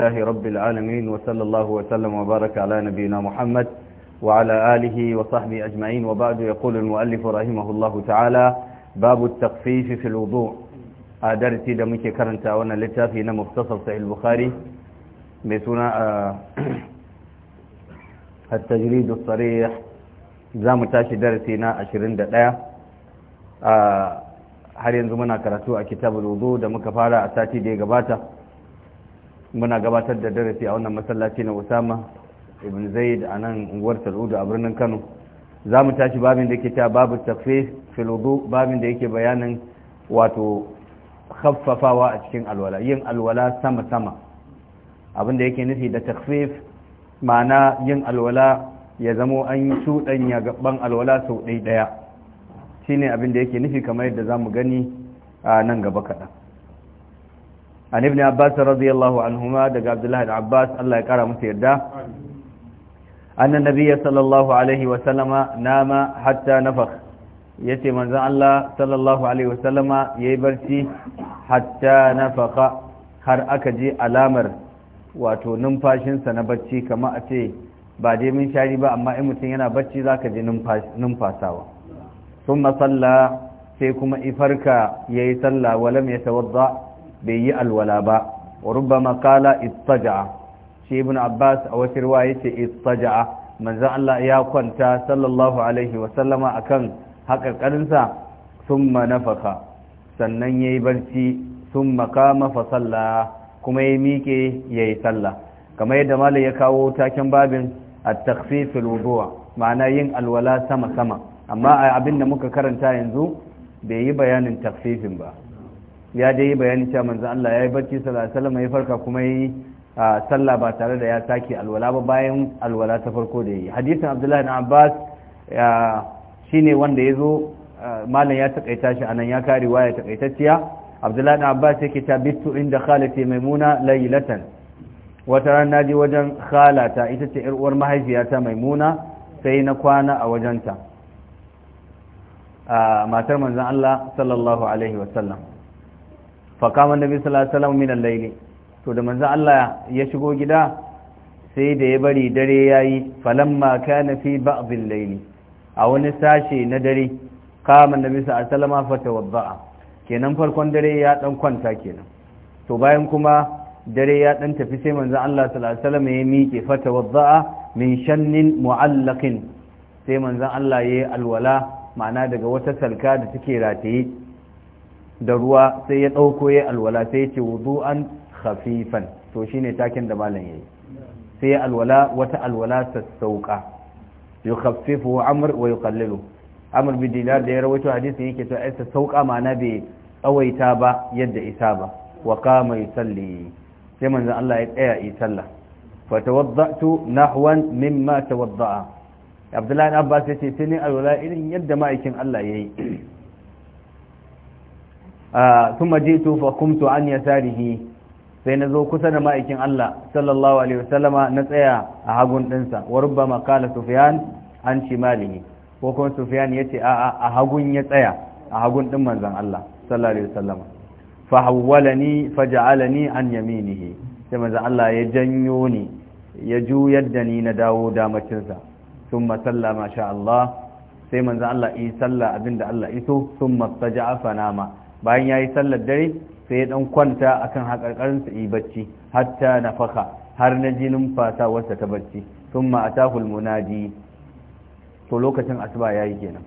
الله رب العالمين وصلى الله وسلم وبارك على نبينا محمد وعلى آله وصحبه أجمعين وبعد يقول المؤلف رحمه الله تعالى باب التخفيف في الوضوء أدرتي دمك كرنتا وانا لتافينا مختصر صحيح البخاري بسنا التجريد الصريح زام تاشي درسينا عشرين دقاء har yanzu muna karatu a kitabul wudu da muka fara a sati da ya gabata muna gabatar da darasi a wannan masallaci na Usama ibn Zaid a nan unguwar Saludu a birnin Kano za mu tashi babin da ke ta babu tafsir fil babin da yake bayanin wato khaffafawa a cikin alwala yin alwala sama sama abin da yake nufi da takhfif ma'ana yin alwala ya zamo an yi ya gaban alwala sau ɗaya shine abin da yake nufi kamar yadda za mu gani a nan gaba kaɗan an ibn abbas radiyallahu anhuma daga abdullahi da abbas Allah ya kara musu yarda anna nabiyya sallallahu alaihi wa sallama nama hatta nafakh yace manzon Allah sallallahu alaihi wa sallama yayi barci hatta nafakha har aka ji alamar wato numfashinsa na bacci kama a ce ba dai mun shari ba amma in mutum yana bacci za ka ji numfasawa sun masalla sai kuma ifarka ya yi sallah walam ya tawadda bai yi alwala ba wa rubbama qala istaja'a shi ibn abbas a wata riwaya yace istaja'a manzo Allah ya kwanta sallallahu alaihi wa sallama akan haƙarƙarinsa sun manafaka, sannan yayi barci sun qama fa salla kuma ya miƙe yayi sallah kamar yadda malam ya kawo taken babin a takhfif al ma'ana yin alwala sama sama amma abin da muka karanta yanzu bai yi bayanin takfifin ba ya dai yi bayani cewa manzo Allah ya yi barci sallallahu alaihi wasallam ya farka kuma yi sallah ba tare da ya sake alwala ba bayan alwala ta farko da yi hadisin Abdullahi na Abbas shine wanda ya zo malam ya takaita shi anan ya kare waya takaitacciya Abdullahi na Abbas yake ta bitu inda khalati maimuna laylatan wata ran naji wajen khalata ita ce yar uwar mahaifiyata maimuna sai na kwana a wajenta matar manzon Allah sallallahu alaihi wasallam faƙaman nabi sallallahu alaihi wasallam min al-layli to da manzo Allah ya shigo gida sai da ya bari dare yayi falamma kana fi ba'd al-layli a wani sashe na dare kama nabi sallallahu alaihi wasallam fatawadda'a kenan farkon dare ya dan kwanta kenan to bayan kuma dare ya dan tafi sai manzo Allah sallallahu alaihi wasallam ya miƙe tawadda min shannin mu'allaqin sai manzo Allah ya alwala ma'ana daga wata salka da take rataye da ruwa sai ya ɗauko ya alwala sai ya ce an hafifan. to shi ne takin da malam ya yi. sai ya alwala wata alwala ta sauka yukhaffifu amr wa yuqallilu amr bin dinar da ya rawaito hadisin yake to ai ta sauka mana bai tsawaita ba yadda isa ba wa qama salli. sai manzon Allah ya tsaya yi sallah fa tawaddatu nahwan mimma tawadda'a Abdullahi Abbas yace sai ni alwala irin yadda ma'aikin Allah ya yi. ثم جئت فقمت عن يساره sai na zo kusa da ma'aikin Allah sallallahu alaihi wasallama na tsaya a hagu ɗinsa wa rubba makala sufiyan an ci malimi ko kuma sufiyan ya ce a hagu ya tsaya a hagun ɗin manzan Allah sallallahu alaihi wasallama fa hawwalani fa an yaminihi sai manzan Allah ya janyo ni ya juyar da ni na dawo damacinsa summa salla masha Allah sai manzan Allah abinda Allah iso summa taja'a nama. bayan ya yi sallar dare sai ya ɗan kwanta akan haƙarƙarinsa yi bacci hatta na faka har na jinin fasawarsa ta bacci sun tahul munadi to lokacin asuba ya yi kenan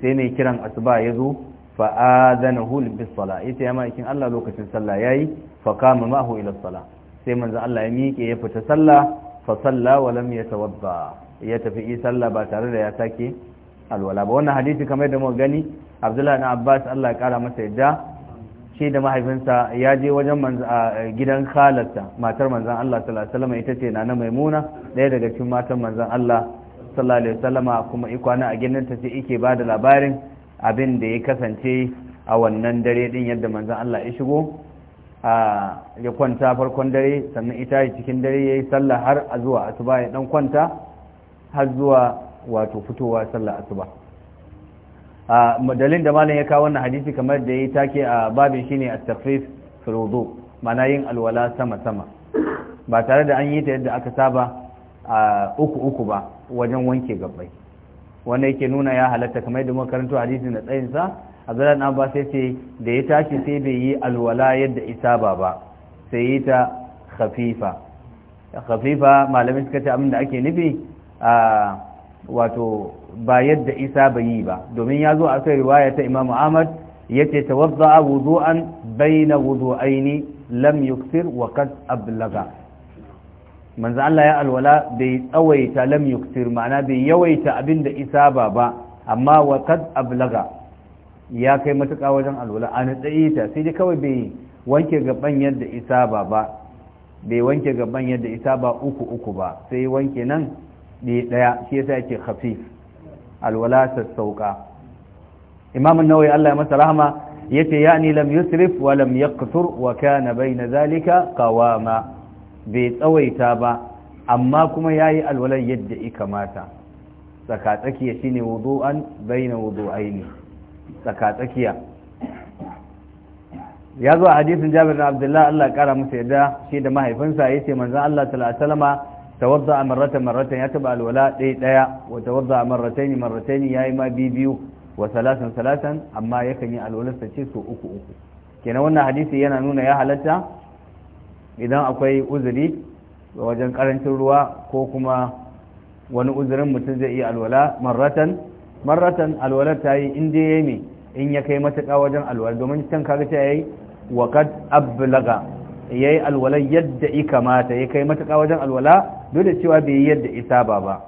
sai mai kiran asuba ya zo fa'adanahu bis sala ita ya ma'aikin Allah lokacin sallah yayi fa kama ma'ahu ila sala sai manzo Allah ya miƙe ya fita sallah fa salla wa lam yatawadda ya tafi yi sallah ba tare da ya sake alwala ba wannan hadisi kamar da muka gani abdullahi na abbas allah ya kara masa yadda shi da mahaifinsa ya je wajen gidan khalarta matar manzan allah sallallahu alaihi ita ce na maimuna ɗaya daga cikin matan manzan allah sallallahu alaihi kuma ikwana a gidan ta ce yake ba da labarin abin da ya kasance a wannan dare din yadda manzan allah ya shigo a ya kwanta farkon dare sannan ita cikin dare ya yi sallah har a zuwa asuba ya dan kwanta har zuwa wato fitowa sallah asuba a dalilin da malam ya kawo wannan hadisi kamar da ya take a babin shine at tafif fi wudu ma'ana yin alwala sama sama ba tare da an yi ta yadda aka saba a uku uku ba wajen wanke gabbai wannan yake nuna ya halatta kamar da muka karanto hadisin da tsayin sa an ba sai ce da ya tashi sai bai yi alwala yadda isa ba ba sai yi ta khafifa khafifa malamin suka ce abin da ake nufi a wato ba yadda isa bai yi ba domin ya zo a kai riwaya ta imamu ahmad ya ce ta yace tawadda'a wudu'an baina wudu'aini lam yuktir wa qad ablaga manzan Allah ya alwala bai tsawaita lam yuktir ma'ana bai yawaita abin da isa ba ba amma wa qad ablaga ya kai matuka wajen alwala A nutsa ta sai dai kawai bai wanke gaban yadda isa ba ba bai wanke gaban yadda isa ba uku uku ba sai wanke nan ɗaya shi yasa yake khafif alwala sassauka imam an-nawawi Allah ya masa rahama yace yani lam yusrif wa lam yaqtur wa kana bayna zalika qawama bai tsawaita ba amma kuma yayi alwala yadda ya kamata tsakatsakiya shine wudu'an bayna wudu'aini tsakatsakiya ya zo a hadisin Jabir bin Abdullah Allah ya kara masa yadda shi da mahaifinsa yace manzon Allah sallallahu alaihi wasallama tawadda marratan marratan ya taba alwala ɗaya ɗaya wa tawadda marratayn ya yi ma biyu wa salasan salasan amma yakan yi alwalarsa ce so uku uku kenan wannan hadisi yana nuna ya halatta idan akwai uzuri wajen karancin ruwa ko kuma wani uzurin mutum zai iya alwala marratan marratan alwalar ta yi inda ya yi in ya kai matuƙa wajen alwala domin can kaga ta yayi wa kad ablaga ya yi alwala yadda i kamata ya kai matuƙa wajen alwala dole cewa bai yi yadda isa ba ba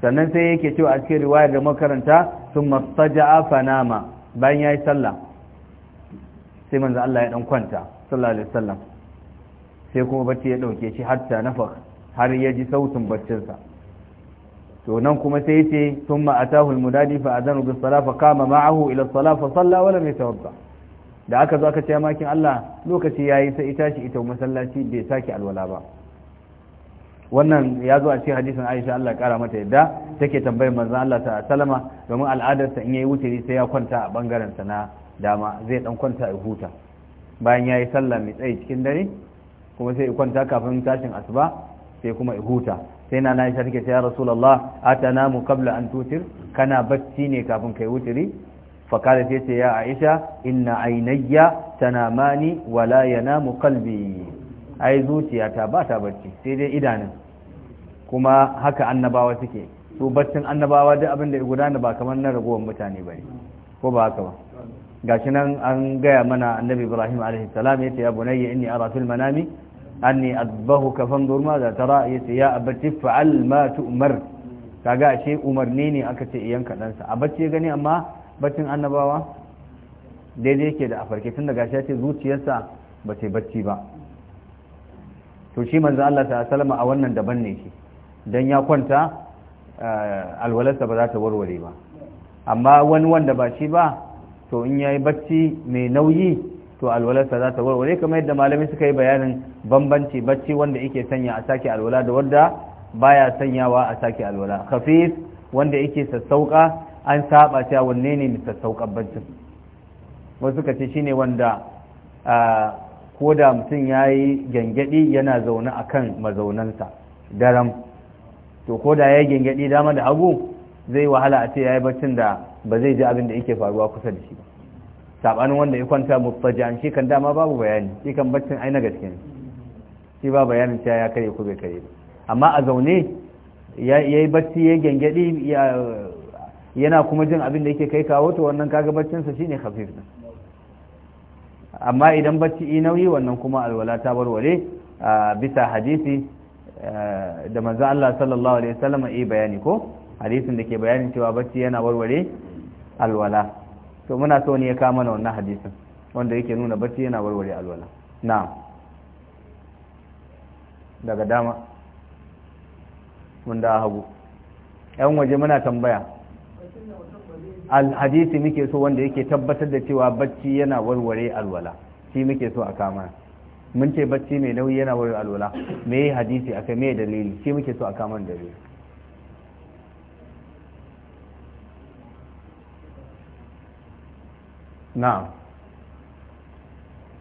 sannan sai yake cewa a cikin riwaya da makaranta sun mastaja'a fanama bayan ya yi sallah sai manzo Allah ya ɗan kwanta sallallahu alaihi wasallam sai kuma bacci ya dauke shi hatta nafakh har ya ji sautin baccinsa to nan kuma sai yace sun atahu almudadi fa adanu salafa kama fa qama ma'ahu ila as fa salla wa da aka zo aka ce makin Allah lokaci yayi sai ita shi ita masallaci bai sake alwala ba wannan ya zo a cikin hadisin Aisha Allah kara mata yadda take tambayar manzo Allah ta salama domin al'adarsa in yayi wuce sai ya kwanta a bangaren sa na dama zai dan kwanta ya huta bayan yayi sallah mai tsayi cikin dare kuma sai ya kwanta kafin tashin asuba sai kuma ya huta sai na Aisha take ce ya Rasulullah mu qabla an tutir kana bacci ne kafin kai wutiri fakala sai ce ya aisha inna ainayya tanamani wala yanamu qalbi ai zuciyata ba ta barci sai dai idanun kuma haka annabawa suke su baccin annabawa duk abin da ya gudana ba kamar na ragowar mutane bane ko ba haka ba gashi nan an gaya mana annabi ibrahim alaihi salam yace ya bunayya inni ara fil manami anni adbahuka fanzur ma za tara yace ya abati fa'al ma tu'mar kaga ashe umarni ne aka ce iyan kadansa a bacci gani amma baccin annabawa daidai yake da a farke tun daga shafi zuciyarsa ba ce bacci ba to shi manzan Allah ta salama a wannan daban ne shi don ya kwanta eh, alwalarsa ba za ta warware ba amma wani wanda ba shi ba to in yayi bacci mai nauyi to alwalarsa za ta warware kamar yadda malami suka yi bayanin bambanci bacci wanda yake sanya a sake alwala da wanda baya sanyawa a sake alwala khafif wanda yake sassauka an saba cewa wanne ne misassauƙan baccin wasu ka ce shi ne wanda ko da mutum ya yi gyangyaɗi yana zaune a kan mazaunansa daram to ko da ya yi gyangyaɗi dama da hagu zai wahala a ce ya yi baccin da ba zai ji abin da yake faruwa kusa da shi ba saɓanin wanda ya kwanta mutsajan an shekan dama babu bayani shi kan baccin ai na gaske shi ba bayanin cewa ya kare ko bai kare amma a zaune ya yi bacci ya gyangyaɗi yana kuma jin abin da yake kai kawo to wannan kaga baccinsa shine khafif din amma idan bacci i nauyi wannan kuma alwala ta warware bisa hadisi da manzo Allah sallallahu alaihi wasallam yi bayani ko hadisin da ke bayani cewa bacci yana warware alwala to muna so ne ya kama na wannan hadisin wanda yake nuna bacci yana warware alwala na'am daga dama mun da hagu ƴan waje muna tambaya alhadisi muke so wanda yake tabbatar da cewa bacci yana warware alwala shi muke so a kama mun ce bacci mai nauyi yana warware alwala me yi hadisi a kame dalili shi muke so a kama dalili na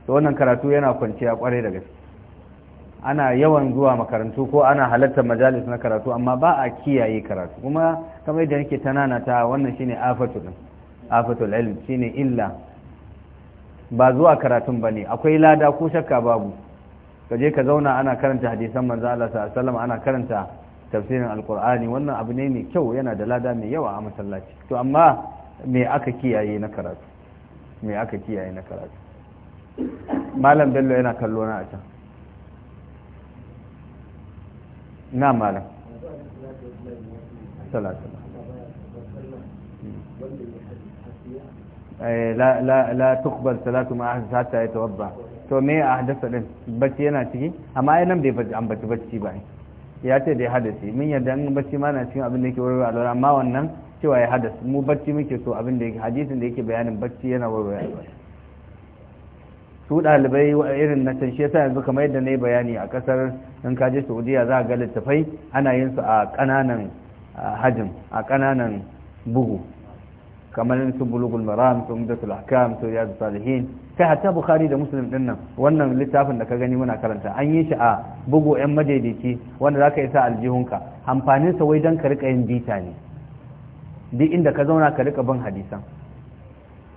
to wannan karatu yana kwanciya kwarai da gaske ana yawan zuwa makarantu ko ana halartar majalis na karatu amma ba a kiyaye karatu kuma kamar yadda nake ta ta wannan shine afatul afatul ilm shine illa ba zuwa karatun bane akwai lada ko shakka babu kaje ka zauna ana karanta hadisan manzo Allah sallallahu alaihi wasallam ana karanta tafsirin alqur'ani wannan abu ne mai kyau yana da lada mai yawa a masallaci to amma me aka kiyaye na karatu me aka kiyaye na karatu malam bello yana kallo na a can na malam salatu Eh, la la la tuqbal salatu ma ahdatha hatta yatawadda to me ahdasa din bacci yana ciki amma ai nan bai ambaci bacci ba ya ce dai hadasi mun yarda an bacci ma na cikin abin da yake warware alwala amma wannan cewa ya hadasi mu bacci muke so abin da yake hadisin da yake bayanin bacci yana warware alwala su dalibai irin na can shi yasa yanzu kamar yadda na yi bayani a ƙasar in ka je saudiya za a ga littafai ana yin su a ƙananan hajin a ƙananan bugu kamar su bulugul maram su umdatul ahkam su riyadu salihin kai hatta bukhari da muslim din nan wannan littafin da ka gani muna karanta an yi shi a bugu yan madaidaici wanda zaka isa aljihunka amfanin sa wai dan ka rika yin bita ne duk inda ka zauna ka rika bin hadisan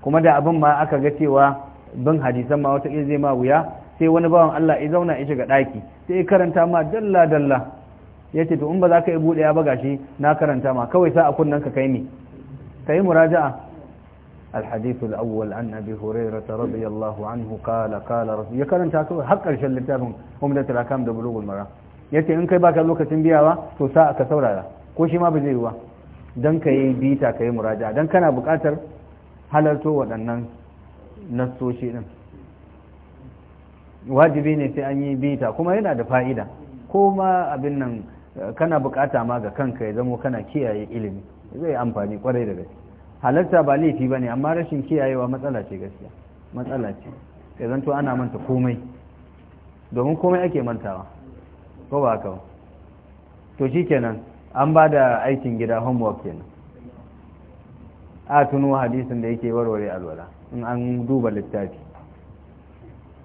kuma da abin ma aka ga cewa bin hadisan ma wata zai ma wuya sai wani bawan Allah ya zauna ya shiga daki sai ya karanta ma dalla dalla ya ce to in ba za ka yi buɗe ya ba shi na karanta ma kawai sa a kunnen ka kai ni muraja'a كي مراجعة الحديث الأول عن an anhu kala الله عنه ya karanta رسول يكرم littafin حق الشل لتابهم da da mara ya ce in kai baka lokacin biyawa to sa ka saurara ko shi ma ba zai yi ba dan ka yi bita ka yi muraja dan kana buƙatar halarto waɗannan nassoshi din wajibi ne sai an yi bita kuma yana da fa'ida ko ma abin nan kana bukata ma ga kanka ya zamo kana kiyaye ilimi zai amfani kwarai da gaske halarta ba laifi ba ne amma rashin kiyayewa matsala ce gaskiya matsala ce ya zanto ana manta komai domin komai ake mantawa ko ba haka to shi kenan an ba da aikin gida homework kenan a tuno hadisin da yake warware alwala in an duba littafi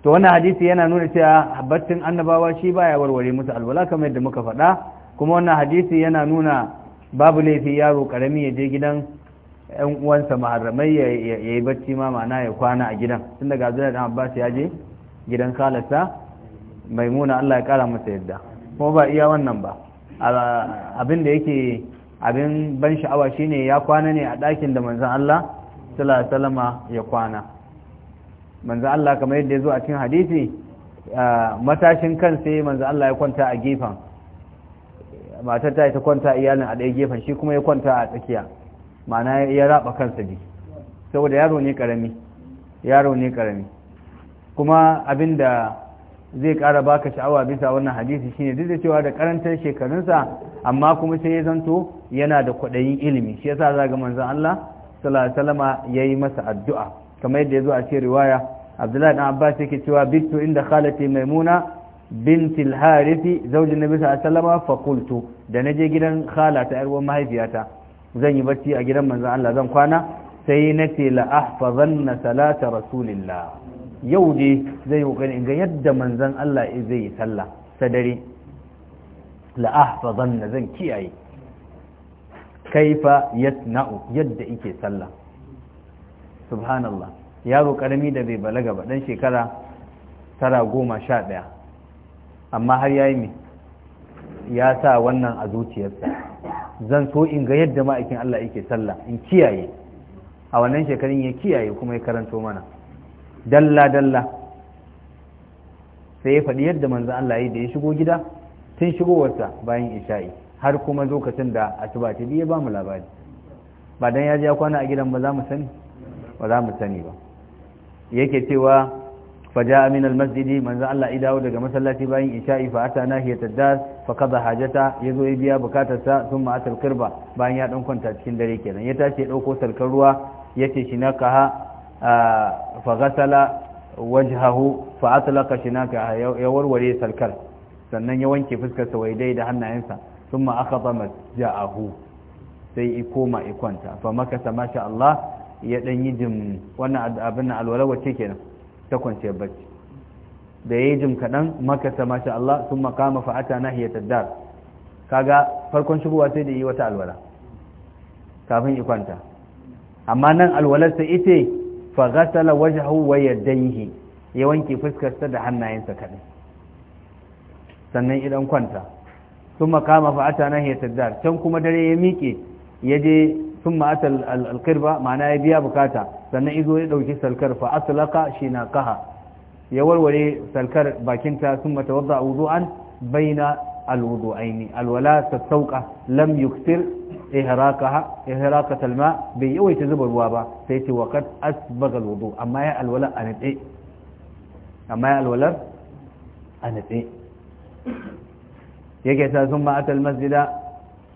to wannan hadisi yana nuna cewa habbatin annabawa shi baya warware musu alwala kamar yadda muka faɗa kuma wannan hadisi yana nuna babu laifi yaro karami ya je gidan yan uwansa maharramai ya yi bacci ma ma'ana ya kwana a gidan tun daga zuwa dan abbas ya je gidan mai maimuna allah ya kara masa yadda kuma ba iya wannan ba abin da yake abin ban sha'awa shine ya kwana ne a ɗakin da manzan allah salama ya kwana manzan allah kamar yadda ya zo a cikin hadisi matashin kan sai manzan allah ya kwanta a gefen matar ta yi ta kwanta iyalin a ɗaya gefen shi kuma ya kwanta a tsakiya ma'ana ya raba kansa jiki saboda yaro ne ƙarami yaro ne ƙarami kuma da zai ƙara baka sha'awa bisa wannan hadisi shine duk da cewa da karantar shekarunsa amma kuma sai ya zanto yana da kwaɗayin ilimi shi yasa za ga manzon Allah sallallahu alaihi wasallama yayi masa addu'a kamar yadda ya zo a cikin riwaya Abdullahi dan Abbas yake cewa bitu inda khalati Maimuna binti الحارث زوج النبي صلى الله عليه وسلم da naje gidan khalata yar uwan mahaifiyata zan yi bacci a gidan manzon Allah zan kwana sai nace la ahfazanna salata rasulillah yau dai zai kokari ga yadda manzon Allah zai yi sallah sadare la ahfazanna zan kiyaye kaifa yasna'u yadda yake sallah subhanallah yaro karami da bai balaga ba dan shekara tara goma sha ɗaya amma har yayi mai ya sa wannan a zuciyarsa zan so in ga yadda ma'aikin Allah yake sallah in kiyaye a wannan shekarun ya kiyaye kuma ya karanto mana dalla dalla sai ya faɗi yadda manzan Allah yi da ya shigo gida tun shigowarsa bayan isha'i har kuma lokacin da a ci ta ya ba mu labari ba dan ya je kwana a gidan ba za mu sani ba za mu sani ba yake cewa فجاء من المسجد من زعل إداه دقى مسلاتي باين إشائي فأتى ناهية الدار فقضى حاجته يزو إبيا بكاتسا ثم أتى القربة باين يأتون كنت تشين دريكي يتاشي أوكو سلكروا يتي شناكها فغسل وجهه فأطلق شناكها يوروري سلكر sannan ya wanke fuskarsa wai dai da hannayensa sun ma aka zama ja'ahu sai ikoma ikwanta fa makasa masha Allah ya ɗan yi jim wannan abin alwala wacce kenan ta kwanciyar bacci da ya yi jim kaɗan makasa masha Allah sun makama fa'ata na hiyatar dar kaga farkon shigowa sai da yi wata alwala kafin ikwanta amma nan alwalarsa ita fa waje wajahu wa yadayhi ya wanke fuskarsa da hannayensa kaɗai sannan idan kwanta sun makama fa'ata na hiyatar dar can kuma dare ya miƙe ya je sun ma'ata alƙirba ma'ana ya biya bukata sannan izo ya ɗauki salkar fa asalaka shi na kaha ya warware salkar bakinta sun mata wadda a an baina aini alwala ta sauka lam yuksir ihraqata talma bai yawaita zuba ruwa ba sai ce waqad asbaga alwudu amma ya alwala a natse amma ya alwalar a natse yake ta sun ma'ata masjida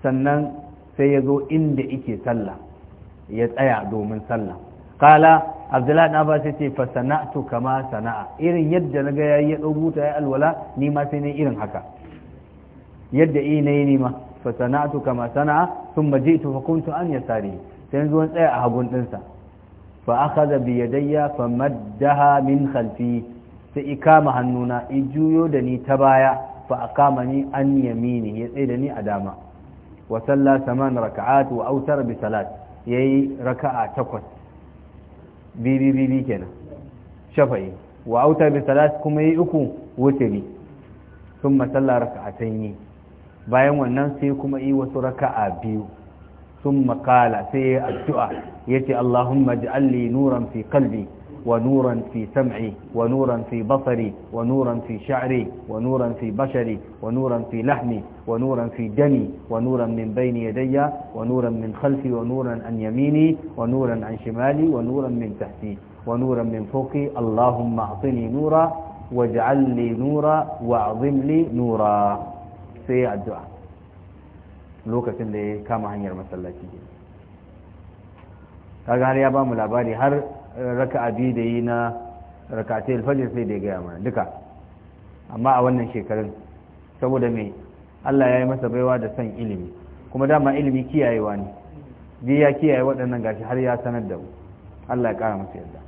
sannan sai ya zo inda ike sallah ya tsaya domin sallah kala abdullahi na ba sai ce fa sana'tu kama sana'a irin yadda na ga yayi ya buta ta ya alwala ni ma sai ne irin haka yadda i eh nayi ni ma fa sana'tu kama sana'a thumma ji'tu fa kuntu an yasari sai zuwan tsaya a hagun dinsa fa akhadha bi yadayya fa maddaha min khalfi sai ikama hannuna i juyo da ni ta baya fa akama ni an yamini ya tsaye da ni a dama wa saman raka'at wa autar bi salat yayi raka'a takwas bibi bibi kenan shafa'i wa autar bi salat kuma yayi uku wutri thumma salla raka'atayn bayan wannan sai kuma yi wasu raka'a biyu thumma qala sai addu'a yace allahumma ij'al li nuran fi qalbi ونورا في سمعي ونورا في بصري ونورا في شعري ونورا في بشري ونورا في لحمي ونورا في دمي ونورا من بين يدي ونورا من خلفي ونورا عن يميني ونورا عن شمالي ونورا من تحتي ونورا من فوقي اللهم اعطني نورا واجعل لي نورا واعظم لي نورا سيع الدعاء لوكا كما عن مسلاتي الله har ya ba mu labari raka'a biyu da yi na rakatai alfajir sai da ya gaya mana duka amma a wannan shekarun saboda me Allah ya yi masa baiwa da son ilimi kuma dama ilimi kiyayewa ne biyu ya kiyaye waɗannan gashi har ya sanar da mu Allah ya ƙara masa yadda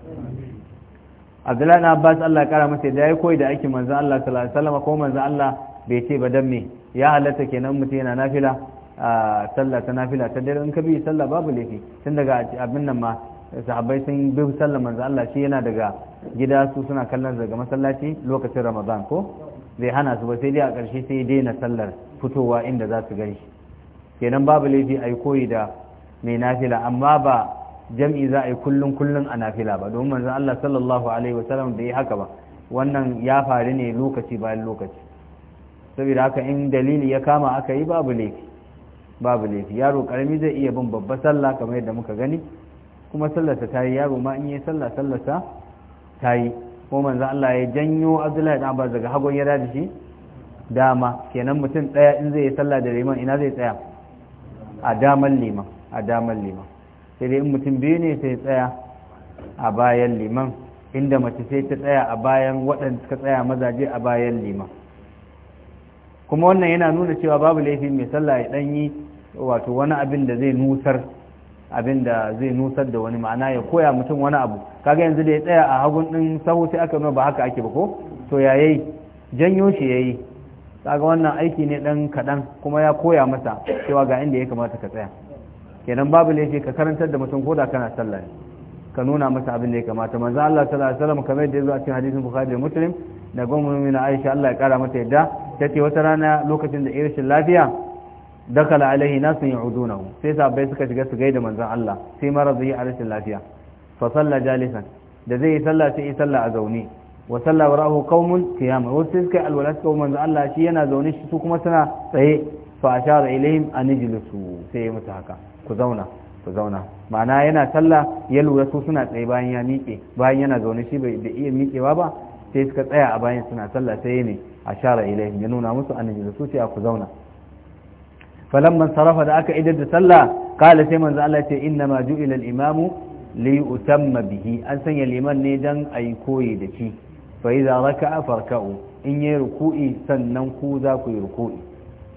Abdullahi na Abbas Allah ya ƙara masa yadda ya koyi da aikin manzon Allah sallallahu alaihi wasallam ko manzon Allah bai ce ba dan me ya halatta kenan mutum yana nafila a sallah ta nafila ta dare in ka bi sallah babu laifi tun daga abin nan ma sahabbai sun bi sallar manzo Allah shi yana daga gida su suna kallon daga masallaci lokacin Ramadan ko zai hana su ba sai dai a ƙarshe sai dai na sallar fitowa inda za su gani kenan babu laifi ai koyi da mai nafila amma ba jam'i za a yi kullun kullun a nafila ba domin manzo Allah sallallahu alaihi wasallam da haka ba wannan ya faru ne lokaci bayan lokaci saboda haka in dalili ya kama aka yi babu laifi babu laifi yaro karami zai iya bin babbar sallah kamar yadda muka gani kuma sallarsa ta yi yaro ma in yi sallar sallarsa ta yi ko manzan Allah ya janyo Abdullahi dan Abbas daga hagon ya da shi dama kenan mutum daya in zai yi sallah da liman ina zai tsaya a daman liman a daman liman sai dai in mutum biyu ne sai tsaya a bayan liman inda mace sai ta tsaya a bayan waɗanda suka tsaya mazaje a bayan liman kuma wannan yana nuna cewa babu laifi mai sallah ya ɗanyi wato wani abin da zai nusar abin da zai nusar da wani ma'ana ya koya mutum wani abu kaga yanzu da ya tsaya a hagun din sahu sai aka nuna ba haka ake ba ko to yayi janyo shi yayi kaga wannan aiki ne dan kaɗan kuma ya koya masa cewa ga inda ya kamata ka tsaya kenan babu laifi ka karantar da mutum koda kana sallah ne ka nuna masa abin da ya kamata manzo Allah sallallahu alaihi wasallam kamar yadda ya zo a cikin hadisin Bukhari da Muslim da gwamnati Aisha Allah ya kara mata yadda tace wata rana lokacin da irishin lafiya dakala alaihi nasun ya'udunahu sai sahabbai suka shiga su gaida manzan Allah sai marazi a rashin lafiya fa salla jalisan da zai yi sallah sai yi sallah a zaune wa sallah wa rahu qaumun qiyam wa sai suka alwala suka manzan Allah shi yana zaune shi su kuma suna tsaye fa ashara ilaihim an ijlisu sai ya mutu haka ku zauna ku zauna ma'ana yana sallah ya lura su suna tsaye bayan ya miƙe bayan yana zaune shi bai iya miƙewa ba sai suka tsaya a bayan suna sallah sai ne ashara ilaihim ya nuna musu an ijlisu sai ku zauna falamman sarafa da aka idar da sallah kala sai manzo Allah ce inna ma ju'ila al-imam li yutamma bihi an sanya liman ne dan ayi koyi da shi fa idza raka'a farka'u in yayi ruku'i sannan ku za ku yi ruku'i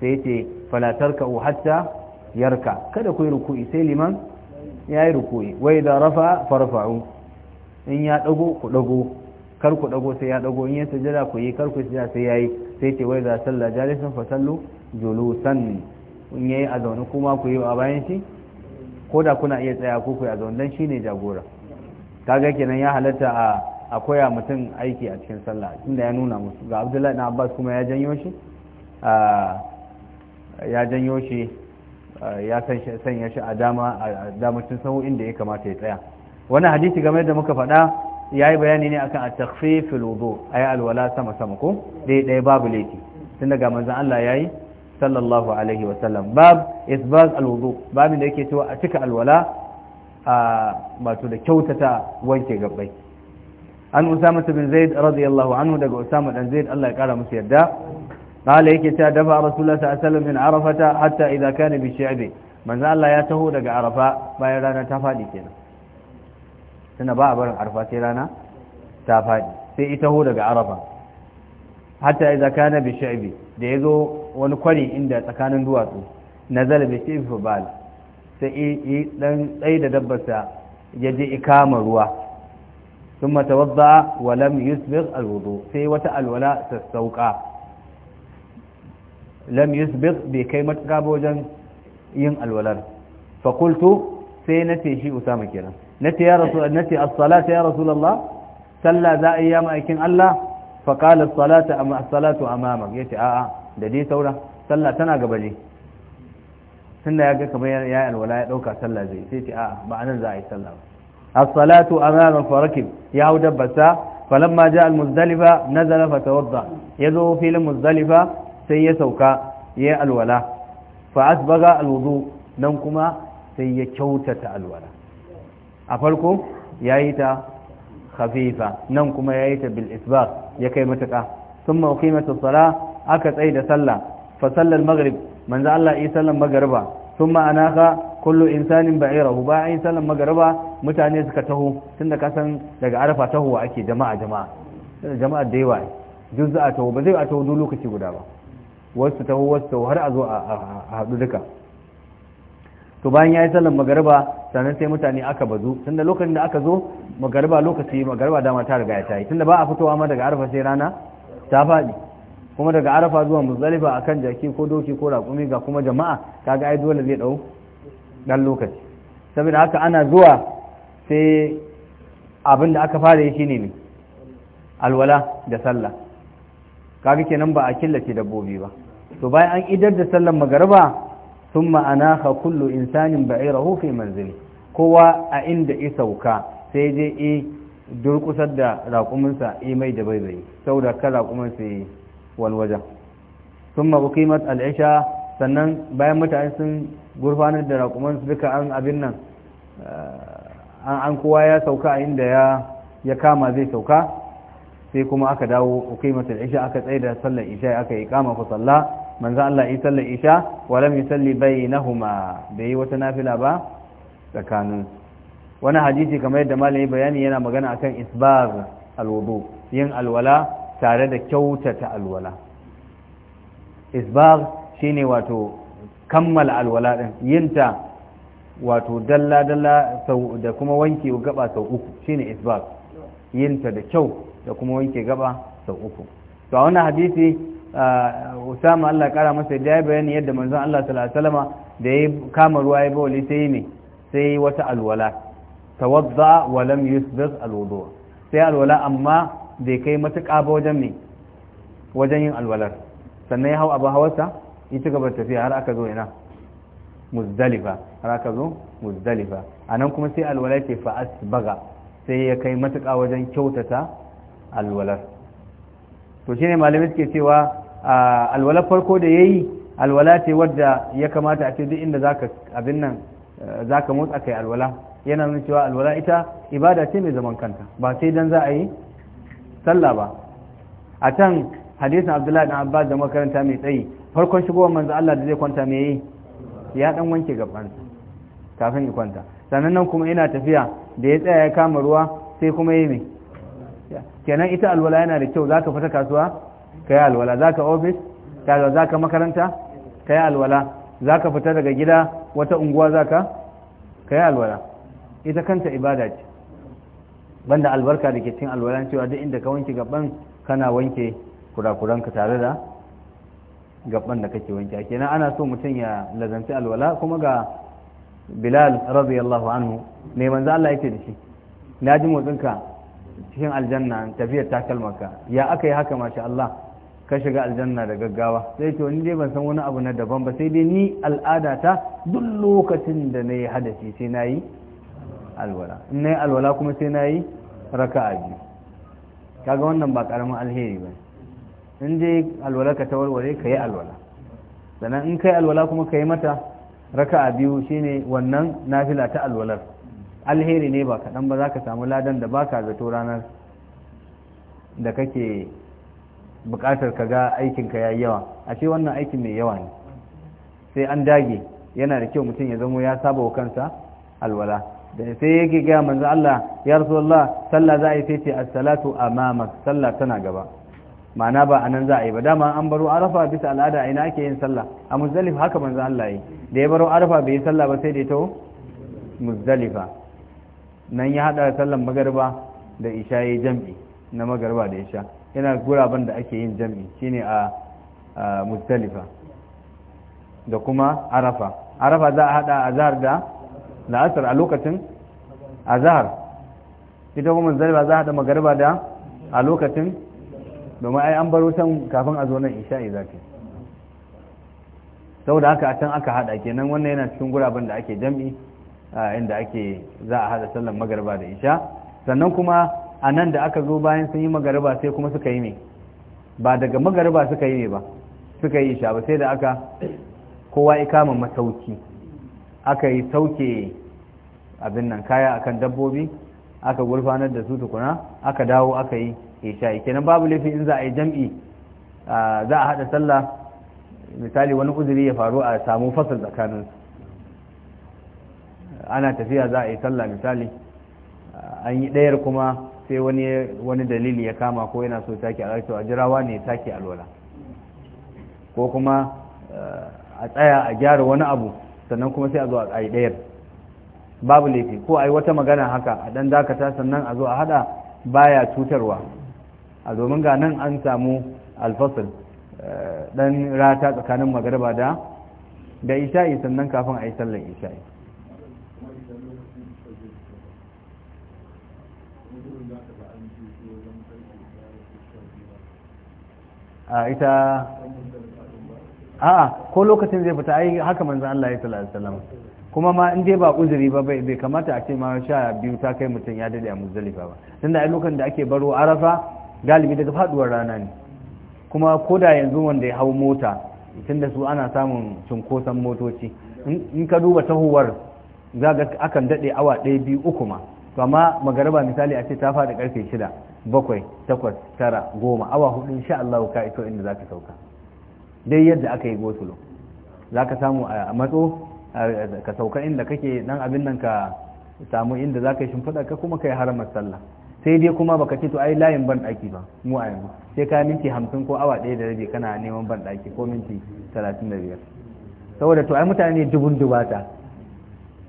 sai yace fala tarka'u hatta yarka kada ku yi ruku'i sai liman ruku'i rafa farfa'u in ya dago ku dago kar ku dago sai ya dago in ya sujada ku yi kar ku sujada sai yayi sai ce wai za sallah jalisan fa sallu julusan in yayi a zaune kuma ku yi a bayan shi ko da kuna iya tsaya ku yi a zaune dan ne jagora kaga kenan ya halatta a a koya mutum aiki a cikin sallah tunda ya nuna musu ga Abdullahi ibn Abbas kuma ya janyo shi ya janyo shi ya sanya shi a dama a damacin sahu inda ya kamata ya tsaya wani hadisi game da muka faɗa ya yi bayani ne akan a takfifil wudu a yi alwala sama sama ko dai ɗaya babu laifi tun daga manzan Allah ya yi sallallahu alaihi wasallam bab isbaz alwudu babin da yake cewa a cika alwala a wato da kyautata wanke gabbai an usama bin zaid radiyallahu anhu daga usama dan zaid Allah ya kara masa yarda qala yake cewa dafa rasulullahi sallallahu alaihi wasallam min arafata hatta idza kana bi shi'bi manzo Allah ya taho daga arafa bayan rana ta fadi kenan tana ba a barin arafa sai rana ta fadi sai taho daga arafa ta yi kana bi sha'bi da ya yazo wani kwari inda tsakanin duwatsu nazal bi sha'bi fa bal sai yi dan tsayi da dabbarsa ya je ikama ruwa thumma tawadda wa lam yusbigh al wudu sai wata alwala ta sauka lam yusbigh bi kai matka bojan yin alwalar fa qultu sai nace shi usama kiran nace ya rasul nace as-salatu ya rasulullah sallah za ayyama aikin allah faƙala salata amma salatu mamak ya ce a'a da dai saura sallah tana gaba ne tunda ya ga kamar ya yi alwala ya ɗauka sallah zai sai ce a'a ba anan za a yi sallah ba as-salatu amamak farakib ya hau dabbasa falamma ja al-muzdalifa ta wadda ya zo filin muzdalifa sai ya sauka ya yi alwala fa asbaga alwudu nan kuma sai ya kyautata alwala a farko ya yi ta khafifa nan kuma ya yi ta bil isbaq ya kai matuƙa sun mawakimata sala aka tsaye da sallah fa sallar maghrib Allah yi sallar magariba sun ma'ana ka kullum insanin ba'irahu ba yi sallar magariba mutane suka taho tun da kasan daga arafa taho ake jama'a jama'a jama'a da yawa duk za a taho ba zai a taho duk lokaci guda ba wasu taho wasu taho har a zo a haɗu duka to bayan ya yi sallar magariba sannan sai mutane aka bazu tunda lokacin da aka zo magariba lokaci magariba dama ta riga ya tayi yi tunda ba a fitowa ma daga arafa sai rana ta faɗi kuma daga arafa zuwa a kan jaki ko doki ko raƙumi ga kuma jama'a kaga ai dole zai ɗau ɗan lokaci saboda haka ana zuwa sai abin da aka fara yi shi ne alwala da sallah kaga kenan ba a killace dabbobi ba to bayan an idar da sallar magariba sun ma'ana ka kullu بعيره في منزله كوا kowa a inda isauka sai je e durkusar da raƙuminsa e mai da bai bai saboda ka raƙuminsa al'isha sannan bayan mutane sun gurfanar da raƙumansu duka an abin nan eh, an kowa ya sauka a inda ya kama zai sauka sai kuma aka dawo ukimat al'isha aka tsaye da sallar isha aka yi kama manzo Allah ya salla isha wa lam yusalli bainahuma bai yi wata nafila ba tsakanin wani hadisi kamar yadda malami bayani yana magana akan isbar alwudu yin alwala tare da kyautata alwala isbar shine wato kammala alwala din yinta wato dalla dalla da kuma wanke gaba sau uku shine isbar yinta da kyau da kuma wanke gaba sau uku to a wannan hadisi Usama Allah kara masa da ya bayani yadda manzon Allah sallallahu alaihi wasallama da ya kama ruwa ya bawali sai ne sai wata alwala tawadda wa lam yusbis alwudu sai alwala amma bai kai matuƙa ba wajen ne wajen yin alwalar sannan ya hau abu hawarsa ya ci gaba tafiya har aka zo ina muzdalifa har aka zo muzdalifa anan kuma sai alwala ke fa asbaga sai ya kai matuƙa wajen kyautata alwalar to shine malamai suke cewa alwala farko da ya yi alwala ce wadda ya kamata a ce duk inda zaka abin nan eh, ka motsa kai alwala yana nuna cewa alwala ita ibada ce mai zaman kanta ba sai don za a yi sallah ba a can hadisin abdullahi dan abbas da makaranta mai tsayi farkon shigowar manzo Allah da zai kwanta me yi ya dan wanke gabansa kafin ya kwanta sannan nan kuma yana tafiya da ya tsaya ya kama ruwa sai kuma yi mai kenan ita alwala yana da kyau za ka fita kasuwa kai alwala za ka ofis za ka makaranta ka alwala za ka fita daga gida wata unguwa za ka ka alwala ita kanta ibada ce banda albarka da ke cin alwala cewa duk inda ka wanke gaban kana wanke kurakuranka tare da gaban da kake wanke kenan ana so mutum ya lazanci alwala kuma ga bilal radiyallahu anhu ne manzo Allah yake da shi na ji motsinka cikin aljanna tafiyar takalmaka ya aka yi haka masha Allah ka shiga aljanna da gaggawa sai to ni dai ban san wani abu na daban ba sai dai ni al'ada ta duk lokacin da na yi hadasi sai na yi alwala in na alwala kuma sai na yi raka'a biyu kaga wannan ba karamin alheri ba in dai alwala ka ta warware ka yi alwala sannan in ka yi alwala kuma ka yi mata raka'a biyu shine wannan nafila ta alwalar alheri ne ba kaɗan ba za ka samu ladan da baka zato ranar da kake buƙatar ka ga aikinka ya yi yawa ashe wannan aikin mai yawa ne sai an dage yana da kyau mutum ya zama ya saba wa kansa alwala da sai yake gaya manzo Allah ya rasulullah sallah za a yi sai ce as-salatu sallah tana gaba ma'ana ba anan za a yi ba dama an baro arafa bisa al'ada ina ake yin sallah a muzdalifa haka manzo Allah yi da ya baro arafa bai yi sallah ba sai dai to muzdalifa nan ya hada sallan magariba da isha yi jam'i na magarba da isha yana guraben da ake yin jam'i shine a mustalifa da kuma arafa arafa za a hada azhar da la'asar a lokacin azhar ita kuma mustalifa za a hada magariba da a lokacin domin ai an baro can kafin a zo nan isha'i zaki saboda haka a can aka hada kenan wannan yana cikin guraben da ake jam'i inda ake za a hada sallan magariba da isha sannan kuma a nan da aka zo bayan sun yi magariba sai kuma suka yi ne ba daga magaraba suka yi ne ba suka yi isha ba sai da aka kowa ikama masauki aka yi sauke abin nan kaya akan dabbobi aka gurfanar da su tukuna aka dawo aka yi isha kenan babu laifin in za a yi jam'i za a haɗa sallah misali wani uzuri ya faru a samu fasal tsakanin ana tafiya za a yi sallah misali an yi ɗayar kuma sai wani wani dalili ya kama ko yana so take a to a jirawa ne take alwala ko kuma eh, a tsaya a gyara wani abu sannan kuma sai a zo a yi ɗayar babu laifi ko a yi wata magana haka a dan dakata sannan a zo a haɗa baya cutarwa a domin ga nan an samu alfasil dan eh, rata tsakanin magarba da da isha'i sannan kafin a yi sallar isha'i a ita a ko lokacin zai fita ai haka manzo Allah ya sallallahu alaihi wasallam kuma ma in dai ba uzuri ba bai kamata a ce ma sha biyu ta kai mutum ya dade a muzdalifa ba da ai lokacin da ake baro arafa galibi daga faduwar rana ne kuma ko da yanzu wanda ya hau mota tunda su ana samun cunkoson motoci in ka duba tahowar za ga akan dade awa ɗaya biyu uku ma to amma magariba misali a ce ta faɗi karfe shida bakwai takwas tara goma awa hudu insha Allah ka ito inda zaka sauka dai yadda aka yi gosulo zaka samu a matso ka sauka inda kake nan abin nan ka samu inda zaka yi shimfiɗa ka kuma kai haramar sallah sai dai kuma baka ce to ai layin ban daki ba mu a yanzu sai ka minti hamsin ko awa ɗaya da rabi kana neman ban daki ko minti talatin da biyar saboda to ai mutane dubun dubata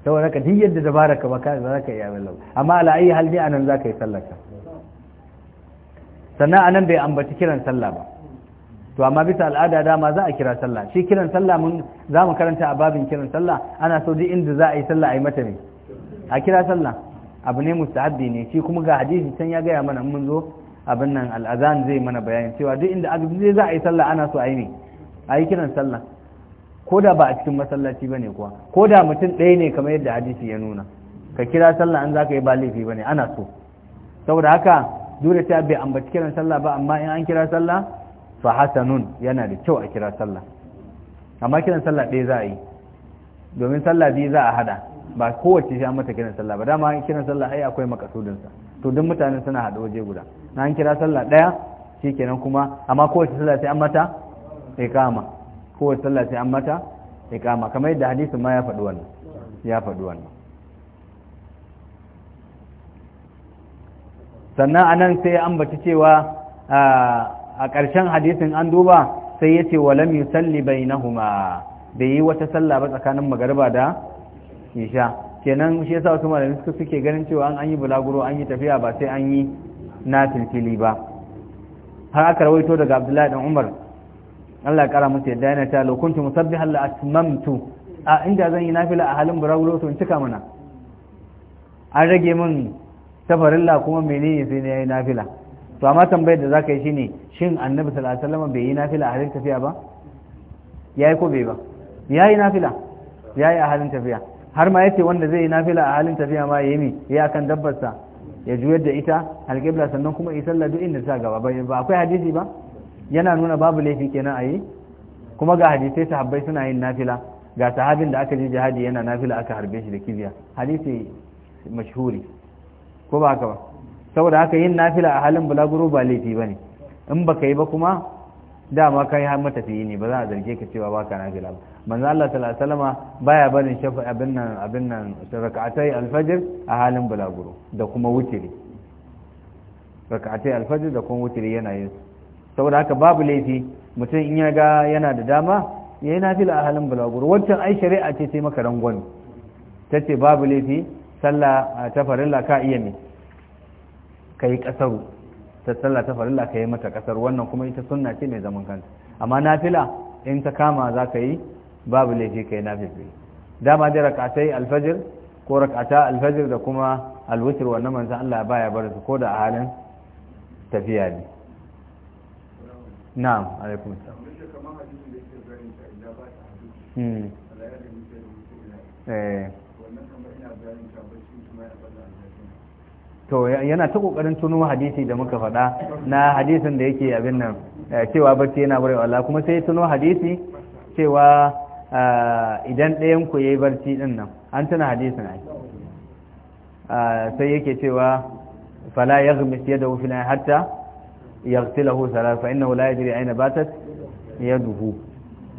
saboda ka duk yadda dabara ka baka za ka iya wallah amma ala ayi hal dai anan za ka yi sallah ka sannan anan bai ambaci kiran sallah ba to amma bisa al'ada dama za a kira sallah shi kiran sallah mun za mu karanta a babin kiran sallah ana so duk inda za a yi sallah a yi mata ne a kira sallah abu ne mustahabbi ne shi kuma ga hadisi can ya gaya mana mun zo abin nan al'azan zai mana bayanin cewa duk inda abin zai za a yi sallah ana so a yi ne a yi kiran sallah ko da ba a cikin masallaci ba ne kuwa ko da mutum ɗaya ne kamar yadda hadisi ya nuna ka kira sallah an za ka yi ba laifi ba ne ana so saboda haka dole ta bai ambaci kiran sallah ba amma in an kira sallah fa hasanun yana da kyau a kira sallah amma kiran sallah ɗaya za a yi domin sallah biyu za a hada ba kowace shi an mata kiran sallah ba dama kiran sallah ai akwai makasudinsa to duk mutanen suna haɗa waje guda na an kira sallah ɗaya shikenan kuma amma kowace sallah sai an mata ikama kowace sallah sai an mata iqama kamar yadda hadisin ma ya faɗi wannan ya faɗi wannan sannan anan sai an bata cewa a ƙarshen hadisin an duba sai ya ce walam yusalli bainahuma bai yi wata sallah ba tsakanin magarba da isha kenan shi yasa wasu malami suka suke ganin cewa an an yi bulaguro an yi tafiya ba sai an yi na tilfili ba har aka rawaito daga Abdullahi dan Umar Allah ya kara musu yadda yana ta law kuntu musabbihan la atmamtu a inda zan yi nafila a halin burawulo to in cika mana an rage min la kuma menene sai ne yayi nafila to amma tambayar da zaka yi shine shin annabi sallallahu alaihi wasallam bai yi nafila a halin tafiya ba yayi ko bai ba yayi nafila yayi a halin tafiya har ma yace wanda zai yi nafila a halin tafiya ma yayi mi ya kan dabbarsa ya juyar da ita alƙibla sannan kuma isalla duk inda ta gaba ba akwai hadisi ba yana nuna babu laifi kenan a yi kuma ga hadisai sahabbai suna yin nafila ga sahabin da aka je jihadi yana nafila aka harbe shi da kibiya hadisi mashhuri ko ba haka ba saboda haka yin nafila a halin bulaguro ba laifi bane in baka yi ba kuma dama kai har matafiyi ne ba za a zarge ka cewa baka nafila ba manzo Allah sallallahu alaihi wasallam baya barin shafa abin nan abin nan rak'atai alfajr a halin bulaguro da kuma wutiri rak'atai alfajr da kuma wutiri yana yin su saboda haka babu laifi mutum in ya ga yana da dama ya yi nafila a halin bulagur wancan ai shari'a ce sai maka rangon ta ce babu laifi sallah ta farilla ka iya ne ka yi ƙasaru ta sallah ta farilla ka yi mata ƙasar wannan kuma ita sunna ce mai zaman kanta amma nafila in ta kama za ka yi babu laifi ka yi nafila dama da rakatai alfajir ko rakata alfajir da kuma alwutir wannan manzan Allah baya bar su ko da a halin tafiya ne na'am alaikum salam hmm. eh. to yana ta kokarin tuno hadisi da muka faɗa na hadisin da yake abin nan eh, cewa barci yana barewa Allah kuma sai tuno hadisi cewa eh, idan ɗayan ku yayi barci din nan an tuna hadisin ai sai yake cewa fala yaghmis yadahu fil hatta yaghtilahu salat fa innahu la aina batat yaduhu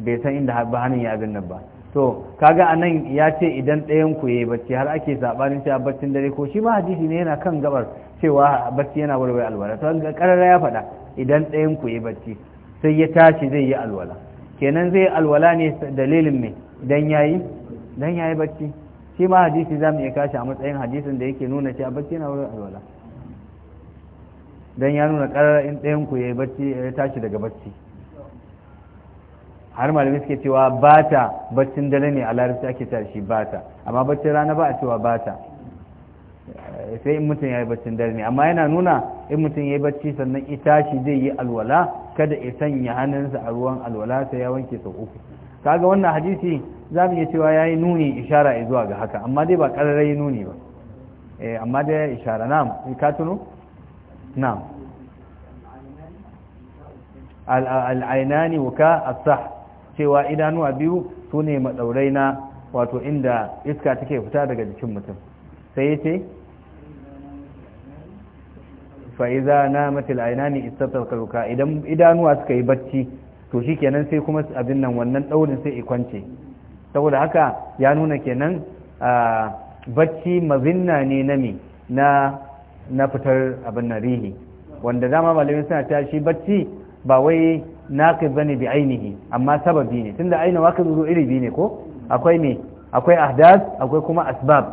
bai san inda ba hannun ya abin ba to ka ga anan ya ce idan ɗayan ku yayi bacci har ake sabanin a baccin dare ko shi ma hadisi ne yana kan gabar cewa bacci yana warware alwala to ga ya faɗa idan ɗayan ku yayi bacci sai ya tashi zai yi alwala kenan zai alwala ne dalilin me dan yayi bacci shi ma hadisi zamu iya kashi a matsayin hadisin da yake nuna cewa bacci yana warware alwala don ya nuna ƙarar in ɗayan ku ya bacci ya tashi daga bacci har malami suke cewa bata baccin dare ne a larabci ake cewa shi bata amma baccin rana ba a cewa bata sai in mutum ya yi baccin dare ne amma yana nuna in mutum ya yi bacci sannan ita shi zai yi alwala kada ya sanya hannunsa a ruwan alwala sai ya wanke sau uku kaga wannan hadisi za mu iya cewa ya yi nuni ishara zuwa ga haka amma dai ba ƙararrai nuni ba eh, amma dai ya ishara na ka tuno na'am al'ainani wuka as cewa idanuwa biyu sune madaurai na wato inda iska take fita daga jikin mutum sai yace fa idza namat al-ainani istatalka idan idanuwa suka yi bacci to shikenan sai kuma abin nan wannan daurin sai kwance saboda haka ya nuna kenan ah, bacci mazinna ne na me na na fitar abin na rihi wanda dama malamin suna tashi bacci ba wai naqib bane bi ainihi amma sababi ne tunda aina waka zuru iri bi ne ko akwai me akwai ahdas akwai kuma asbab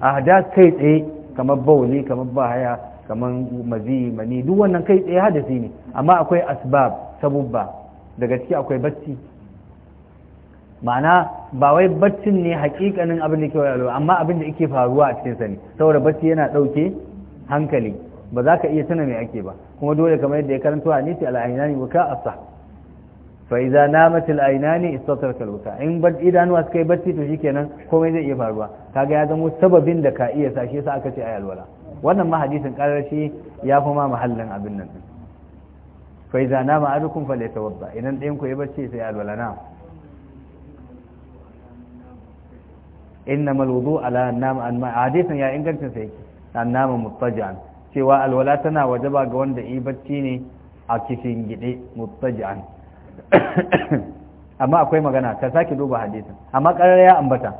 ahdas kai tsaye kamar bauli kamar bahaya kamar mazi mani duk wannan kai tsaye hadasi ne amma akwai asbab sabubba daga ciki akwai bacci ma'ana ba wai baccin ne hakikanin abin da ke wayo amma abin da yake faruwa a cikin sa ne saboda bacci yana dauke hankali ba za ka iya tuna mai ake ba kuma dole kamar yadda ya ne hadisi a aynani wuka asah fa idza namat al ne istatarka al-wuka in bad idanuwa suka yi bacci to shikenan komai zai iya faruwa kaga ya zamo sababin da ka iya sa shi yasa aka ce ayal alwala wannan ma hadisin karar shi ya fi ma mahallin abin nan fa idza nama ahadukum falyatawadda idan ɗayan ku ya bacci sai alwala na innamal wudu ala nama an ma hadisin ya ingancin sa yake annama muttaji'an cewa alwala tana wajaba ga wanda yi bacci ne a kishin gide muttaji'an amma akwai magana ka sake duba hadisin amma karar ya ambata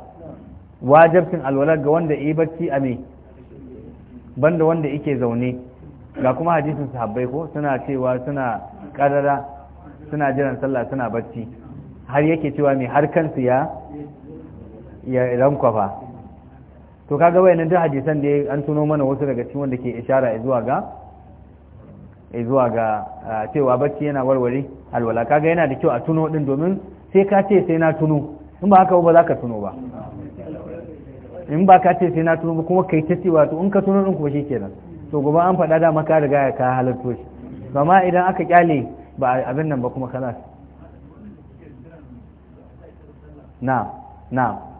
wajabcin alwala ga wanda yi bacci a me banda wanda yake zaune ga kuma hadisin sahabbai ko suna cewa suna karara suna jiran sallah suna bacci har yake cewa mai har kansu ya ya rankwafa to kaga nan duk hadisan da an tuno mana wasu daga cikin wanda ke ishara zuwa ga zuwa ga cewa bacci yana warware alwala kaga yana da kyau a tuno din domin sai ka ce sai na tuno in ba haka ba za ka tuno ba in ba ka ce sai na tuno ba kuma kai ta cewa to in ka tuno din kuma kenan to gobe an faɗa da maka riga ka halarto shi amma idan aka kyale ba abin nan ba kuma kana na na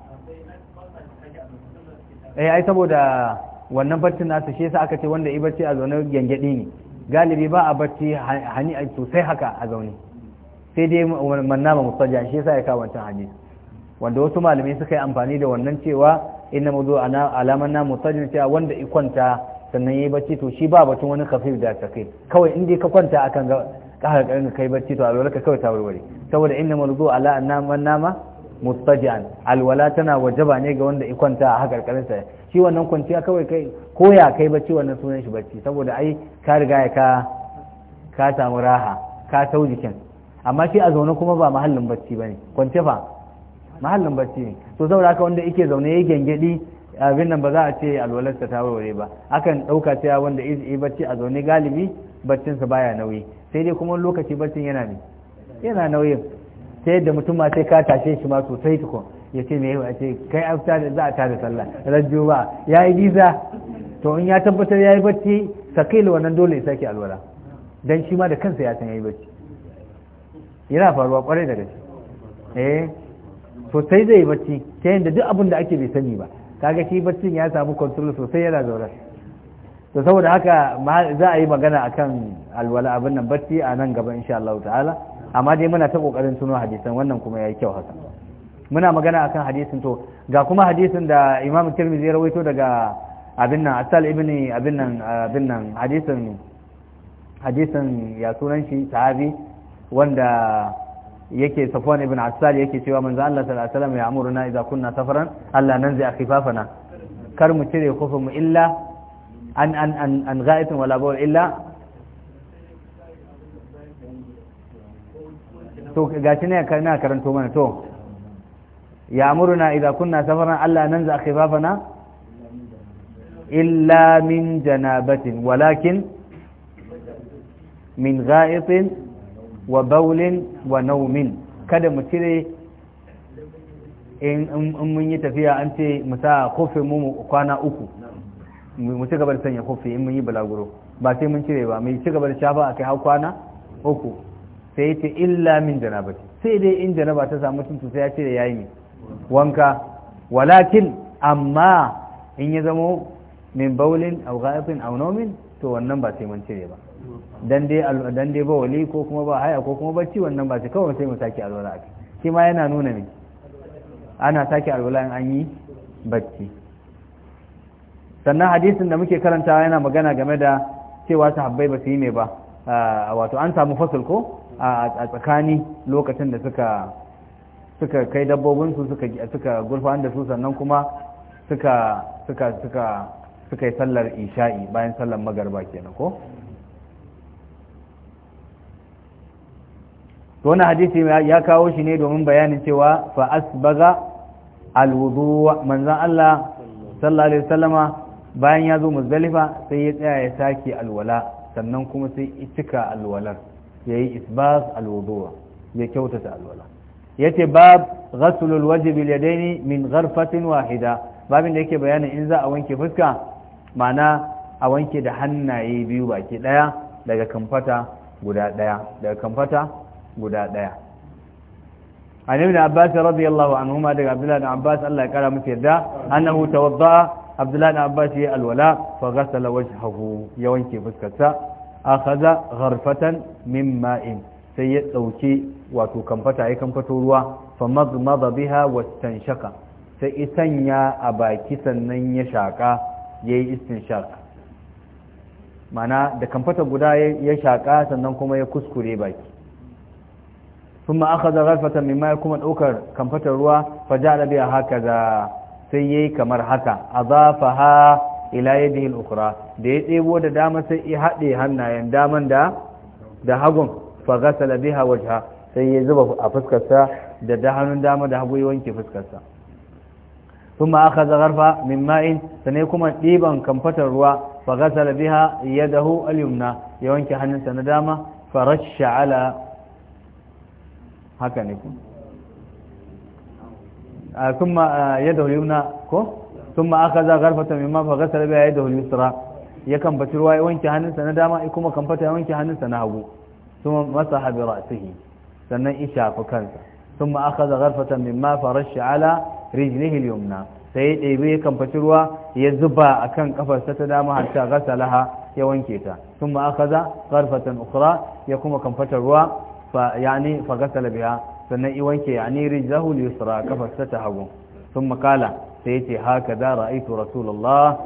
eh ai saboda wannan barcin nasu shi yasa aka ce wanda barci a zaune gyangyaɗi ne galibi ba a barci hani a sosai haka a zaune sai dai manna ba musajja shi yasa ya kawo wancan hadisi wanda wasu malamai suka yi amfani da wannan cewa na mazo ana alaman na musajin cewa wanda i kwanta sannan yayi bacci to shi ba batun wani kafir da ta kai kawai in dai ka kwanta akan ga ka kai bacci to alwala ka kawai ta warware saboda na mazo ala manna nama mustajian alwala tana wajaba ne ga wanda ikwanta a hakarkarin karsa shi wannan kwanciya kawai kai ko ya kai bacci wannan sunan shi bacci saboda ai ka riga ya ka ka samu raha ka tau jikin amma shi a zaune kuma ba mahallin bacci bane kwance fa mahallin bacci ne to saboda haka wanda yake zaune ya gengedi abin nan ba za a ce alwalarsa ta warware ba akan ɗauka cewa wanda yi bacci a zaune galibi baccinsa baya nauyi sai dai kuma lokaci baccin yana ne yana nauyin sai da mutum ma sai ka tashe shi ma sosai tuko ya ce mai a ce kai afta da za a tare sallah rajo ba ya yi giza. to in ya tabbatar ya yi bacci sakil wannan dole ya sake alwala dan shi ma da kansa ya san ya yi bacci yana faruwa kwarai da gaske eh sosai zai yi bacci ta yadda duk abin da ake bai sani ba kaga shi baccin ya samu control sosai yana zaune to saboda haka za a yi magana akan alwala abin nan bacci a nan gaba insha Allah ta'ala amma dai muna ta kokarin tuno hadisan wannan kuma yayi kyau haka muna magana akan hadisin to ga kuma hadisin da Imam Tirmidhi ya rawaito daga abin nan Asal ibn abin nan abin nan hadisin hadisin ya sunan shi sahabi wanda yake Safwan ibn Asal yake cewa manzo Allah sallallahu alaihi wasallam ya amuruna idza kunna safaran Allah nanzi akhifafana kar mu cire kufu mu illa an an an an gha'itin wala bawl illa to ga shi ne na karanto mana to ya muruna idza kunna safaran Allah nan za khifafana illa min janabatin walakin min gha'itin wa bawlin wa naumin kada mu cire in mun yi tafiya an ce mu sa kofi mu kwana uku mu ci gaba da sanya kofi in mun yi balaguro ba sai mun cire ba mu ci gaba da shafa akai har kwana uku sai ya ce illa min janabati sai dai in janaba ta samu mutum sai ya ce da yayi ne wanka walakin amma in ya zamo min baulin aw ghaifin aw nawmin to wannan ba sai mun cire ba dan dai dan dai ba wali ko kuma ba haya ko kuma bacci wannan ba sai kawai sai mu saki alwala ake shi ma yana nuna ne ana saki alwala in an yi bacci sannan hadisin da muke karantawa yana magana game da cewa sahabbai ba su yi ne ba ah, wato an samu fasul ko a tsakani lokacin da suka suka kai dabbobinsu suka suka gurfan da su sannan kuma suka suka suka suka yi sallar isha'i bayan sallar magarba kenan ko to hadisi ya kawo shi ne domin bayanin cewa fa asbaga alwudu manzan Allah sallallahu alaihi wasallama bayan ya zo muzdalifa sai ya tsaya ya sake alwala sannan kuma sai ya cika alwalar ya yi isbas alwuduwa ya kyautata alwala ya ce bab ghasulul wajibi yadaini min gharfatin wahida babin da yake bayanin in za a wanke fuska ma'ana a wanke da hannaye biyu baki daya daga kamfata guda daya daga kamfata guda daya عن ابن عباس رضي الله عنهما دق عبد ya بن عباس الله قال مسيدا أنه توضأ عبد الله alwala عباس الولاء فغسل وجهه يوانكي fuskarsa. akhadha gharfatan min ma'in sai ya dauki wato kamfata ai kamfato ruwa famagmada biha wastanshaka sai isanya a baki sannan ya shaka yayi istinshaq mana da kamfata guda ya shaka sannan kuma ya kuskure baki kuma ثم أخذ kuma مما kamfatar ruwa fa ja'ala biha hakaza sai yayi kamar haka azafaha ila yadihi al-ukhra da ya ɗebo da dama sai ya haɗe hannayen daman da da hagun fa ghasala biha wajha sai ya zuba a fuskarsa da da hannun dama da hagu ya wanke fuskarsa kuma aka zagarfa min ma'in sanai kuma ɗiban kamfatar ruwa fa ghasala biha yadahu al-yumna ya wanke hannunsa na dama fa rasha ala haka ne kuma ah, ah, yadahu al-yumna ko thumma akhadha gharfatan mimma fa ghasala biha yadahu ya kan baci ya wanke hannunsa na dama kuma kan fata ya wanke na hagu thumma masaha bi ra'sihi sannan ya shafa kansa ala rijlihi al sai ya ɗebe ya ya zuba a kan ƙafarsa ta dama har ta gasa ya wanke ta sun ma za ƙarfatan ukura ya kuma kamfata ruwa ya ne fa gasa sannan i wanke ya ne rijahul yusra ƙafarsa ta hagu sun makala sai ce haka da ra'aitu rasulullah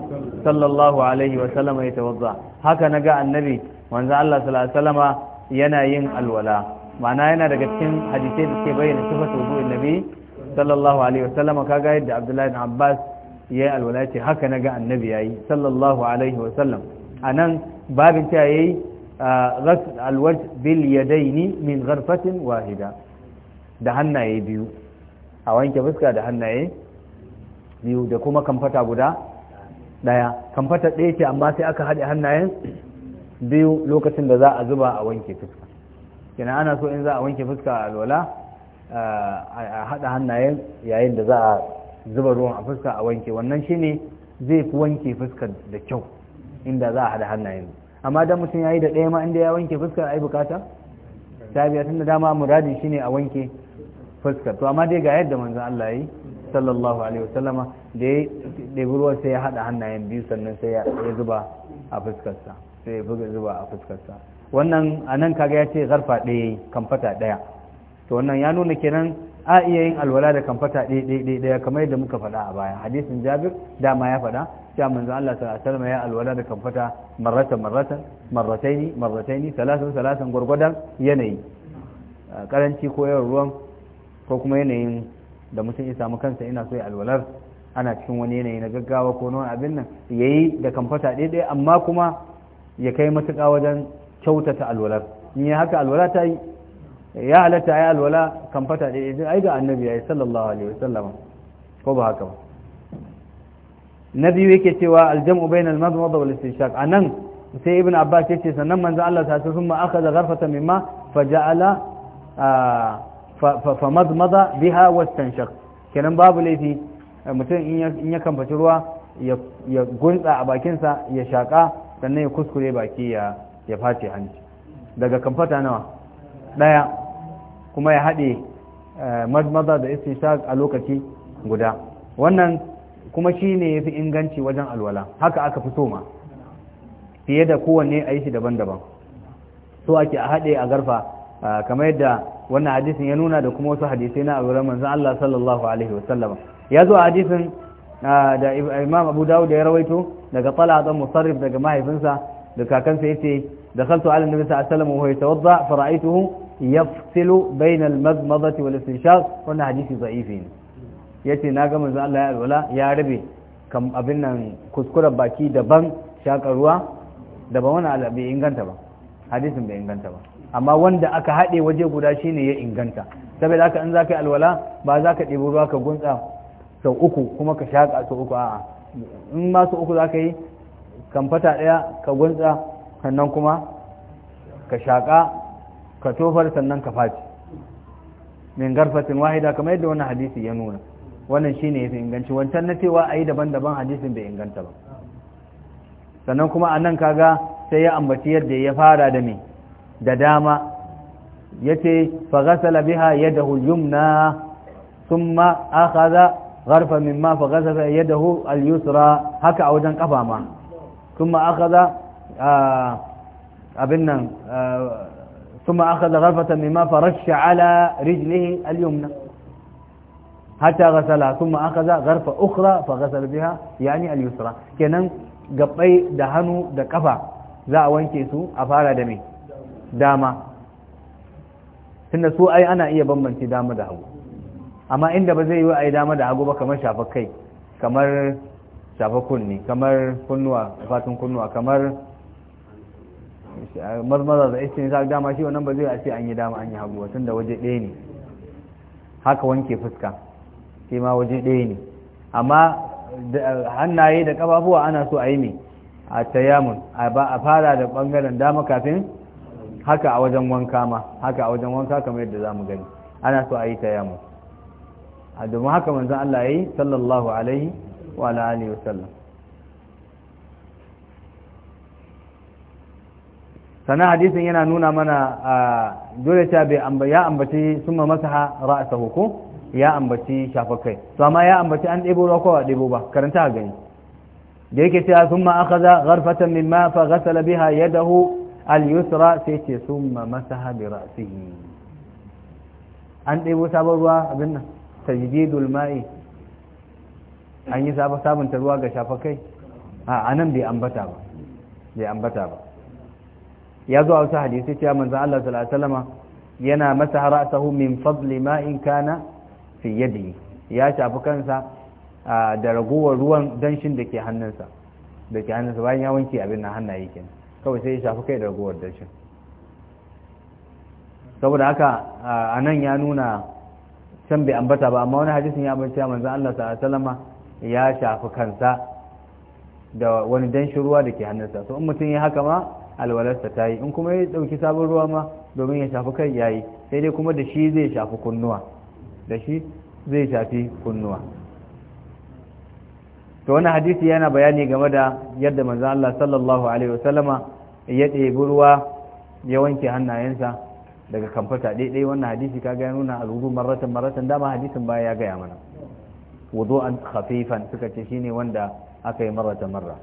sallallahu alaihi wa sallama ya yatawadda haka naga annabi manzo Allah sallallahu alaihi sallama yana yin alwala ma'ana yana daga cikin hadisai da ke bayyana sifatu wudu annabi sallallahu alaihi wa sallama kaga yadda Abdullahi bin Abbas yayi alwala ce haka naga annabi yayi sallallahu alaihi wa sallam anan babin ta yayi alwajh bil yadayni min ghurfatin wahida da hannaye biyu a wanke fuska da hannaye biyu da kuma kamfata guda ɗaya kamfata ɗaya ce amma sai aka haɗe hannayen biyu lokacin da za a zuba a wanke fuska kina ana so in za a wanke fuska a alwala a haɗa hannayen yayin da za a zuba ruwan a fuska a wanke wannan shine zai fi wanke fuska da kyau inda za a haɗa hannayen amma dan mutum ya yi da ɗaya ma inda ya wanke fuska ai bukata ta biya tun da dama muradi shine a wanke fuska to amma dai ga yadda manzon Allah yi sallallahu alaihi wasallama da ya ɗabi ruwa sai ya haɗa hannayen biyu sannan sai ya zuba a fuskarsa sai ya buga zuba a fuskarsa wannan a nan kaga ya ce zarfa ɗaya kamfata ɗaya to wannan ya nuna kenan a iya yin alwala da kamfata ɗaya ɗaya kamar yadda muka faɗa a baya hadisin jabir dama ya faɗa cewa manzo Allah sallallahu alaihi wasallam ya alwala da kamfata marratan marratan marrataini marrataini salasan salasan gurgurdan yanayi karanci ko yawan ruwan ko kuma yanayin da mutum ya samu kansa ina so ya alwalar ana cikin wani yanayi na gaggawa ko na abin nan ya yi da kamfata ɗaya amma kuma ya kai matuƙa wajen kyautata alwalar in ya haka alwala ta yi ya halatta ya alwala kamfata ɗaya ai ga annabi ya yi sallallahu alaihi sallama ko ba haka ba na yake cewa aljam'u bainal madmada wal istinshaq anan sai ibn abbas yace sannan manzo Allah ta sun ma akhadha gharfatan mimma faja'ala ah, fa mazmaza biha wastanshaq kenan babu laifi eh, mutum in ya kamfaci ruwa ya gunsa a bakinsa ya shaka sannan ya kuskure baki ya face hanci daga kamfata nawa ɗaya kuma ya haɗe eh, mazmaza da istinshaq a lokaci guda wannan kuma shi ne ya fi inganci wajen alwala haka aka fi soma fiye da kowanne a yi shi daban-daban so ake a haɗe a garfa Ah, kamar yadda wannan hadisin ya nuna da kuma wasu hadisai na abu zan Allah sallallahu alaihi wasallam ya zo a hadisin ah, da Imam Abu Dawud ya rawaito daga Talha dan Musarrif daga mahaifinsa da kakansa yace da ala annabi sallallahu alaihi wasallam wa yatawadda fara'aituhu ya filo al-madmadati wal sha wannan hadisi za'ifi ne ce na gama zan Allah ya alwala ya rabe kam abin nan kuskure baki daban shakarwa daban wani bai inganta ba hadisin bai inganta ba amma wanda aka haɗe waje guda shine ya inganta saboda haka in za ka yi alwala ba za ka ɗebo ruwa ka gunsa sau uku kuma ka shaƙa sau uku a'a in ma sau uku za ka yi kamfata ɗaya ka gunsa sannan kuma ka shaƙa ka tofar sannan ka faci min garfatin wahida kamar yadda wannan hadisi ya nuna wannan shine ya fi inganci wancan na cewa a yi daban-daban hadisin bai inganta ba sannan kuma a nan kaga sai ya ambaci yadda ya fara da me da dama ya ce fagasala biha yadahu yumna sun ma'aka za gharfa min ma fagasala yadahu al-yusra haka a wajen kafa ma sun ma'aka za gharfata min ma farashi ala rijlihi al-yumna hata gasala sun ma'aka za gharfa ukra fagasala biha yani al-yusra kenan gabbai da hannu da kafa za a wanke su a fara da mai dama tunda su ai ana iya bambanci dama da hagu amma inda ba zai yi ai dama da hagu ba kamar shafa kai kamar shafa kunni kamar kunnuwa fatun kunnuwa kamar mazmaza da istin sa dama shi wannan ba zai a ce an yi dama an yi hagu tunda waje ɗaya ne haka wanke fuska shi ma waje ɗaya ne amma hannaye da ƙafafuwa ana so a yi mai a tayamun a fara da ɓangaren dama kafin haka a wajen wanka ma haka a wajen wanka kamar yadda za mu gani ana so a yi tayamu a domin haka manzan Allah ya yi sallallahu alaihi wa alihi wa sallam sannan hadisin yana nuna mana a dole ta bai ya ambaci summa masaha ra'sahu ko ya ambaci shafa kai to amma ya ambaci an ɗebo ruwa ko ba ɗebo ba karanta a gani da yake cewa summa akhadha gharfatan min ma fa ghasala biha yadahu al-yusra sai ce summa masaha bi ra'sihi an ɗebo sabon ruwa abin nan tajdidul ma'i an yi sabon sabunta ruwa ga shafakai a anan bai ambata ba bai ambata ba ya zo a wasu hadisi cewa manzon Allah sallallahu alaihi wasallama yana masaha ra'sahu min fadli ma'in kana fi yadihi ya shafi kansa da ragowar ruwan danshin da ke hannunsa da ke hannunsa bayan ya wanke abin na hannaye kenan kawai sai ya shafi kai da ragowar darshin saboda haka a nan ya nuna can bai ambata ba amma wani hadisin ya ambata manzan Allah sallama ya shafi kansa da wani danshin ruwa da ke hannunsa so in mutum ya haka ma alwalarsa ta yi in kuma ya ɗauki sabon ruwa ma domin ya shafi kai ya yi sai dai kuma da shi zai shafi kunnuwa da shi zai shafi kunnuwa to wani hadisi yana bayani game da yadda manzan Allah sallallahu alaihi wasallama ya ɗebi ruwa ya wanke hannayensa daga kamfata daidai. wannan hadisi ka gaya nuna alwudu maratan maratan dama hadisin baya ya gaya mana wudu an khafifan suka ce shine wanda aka yi maratan marra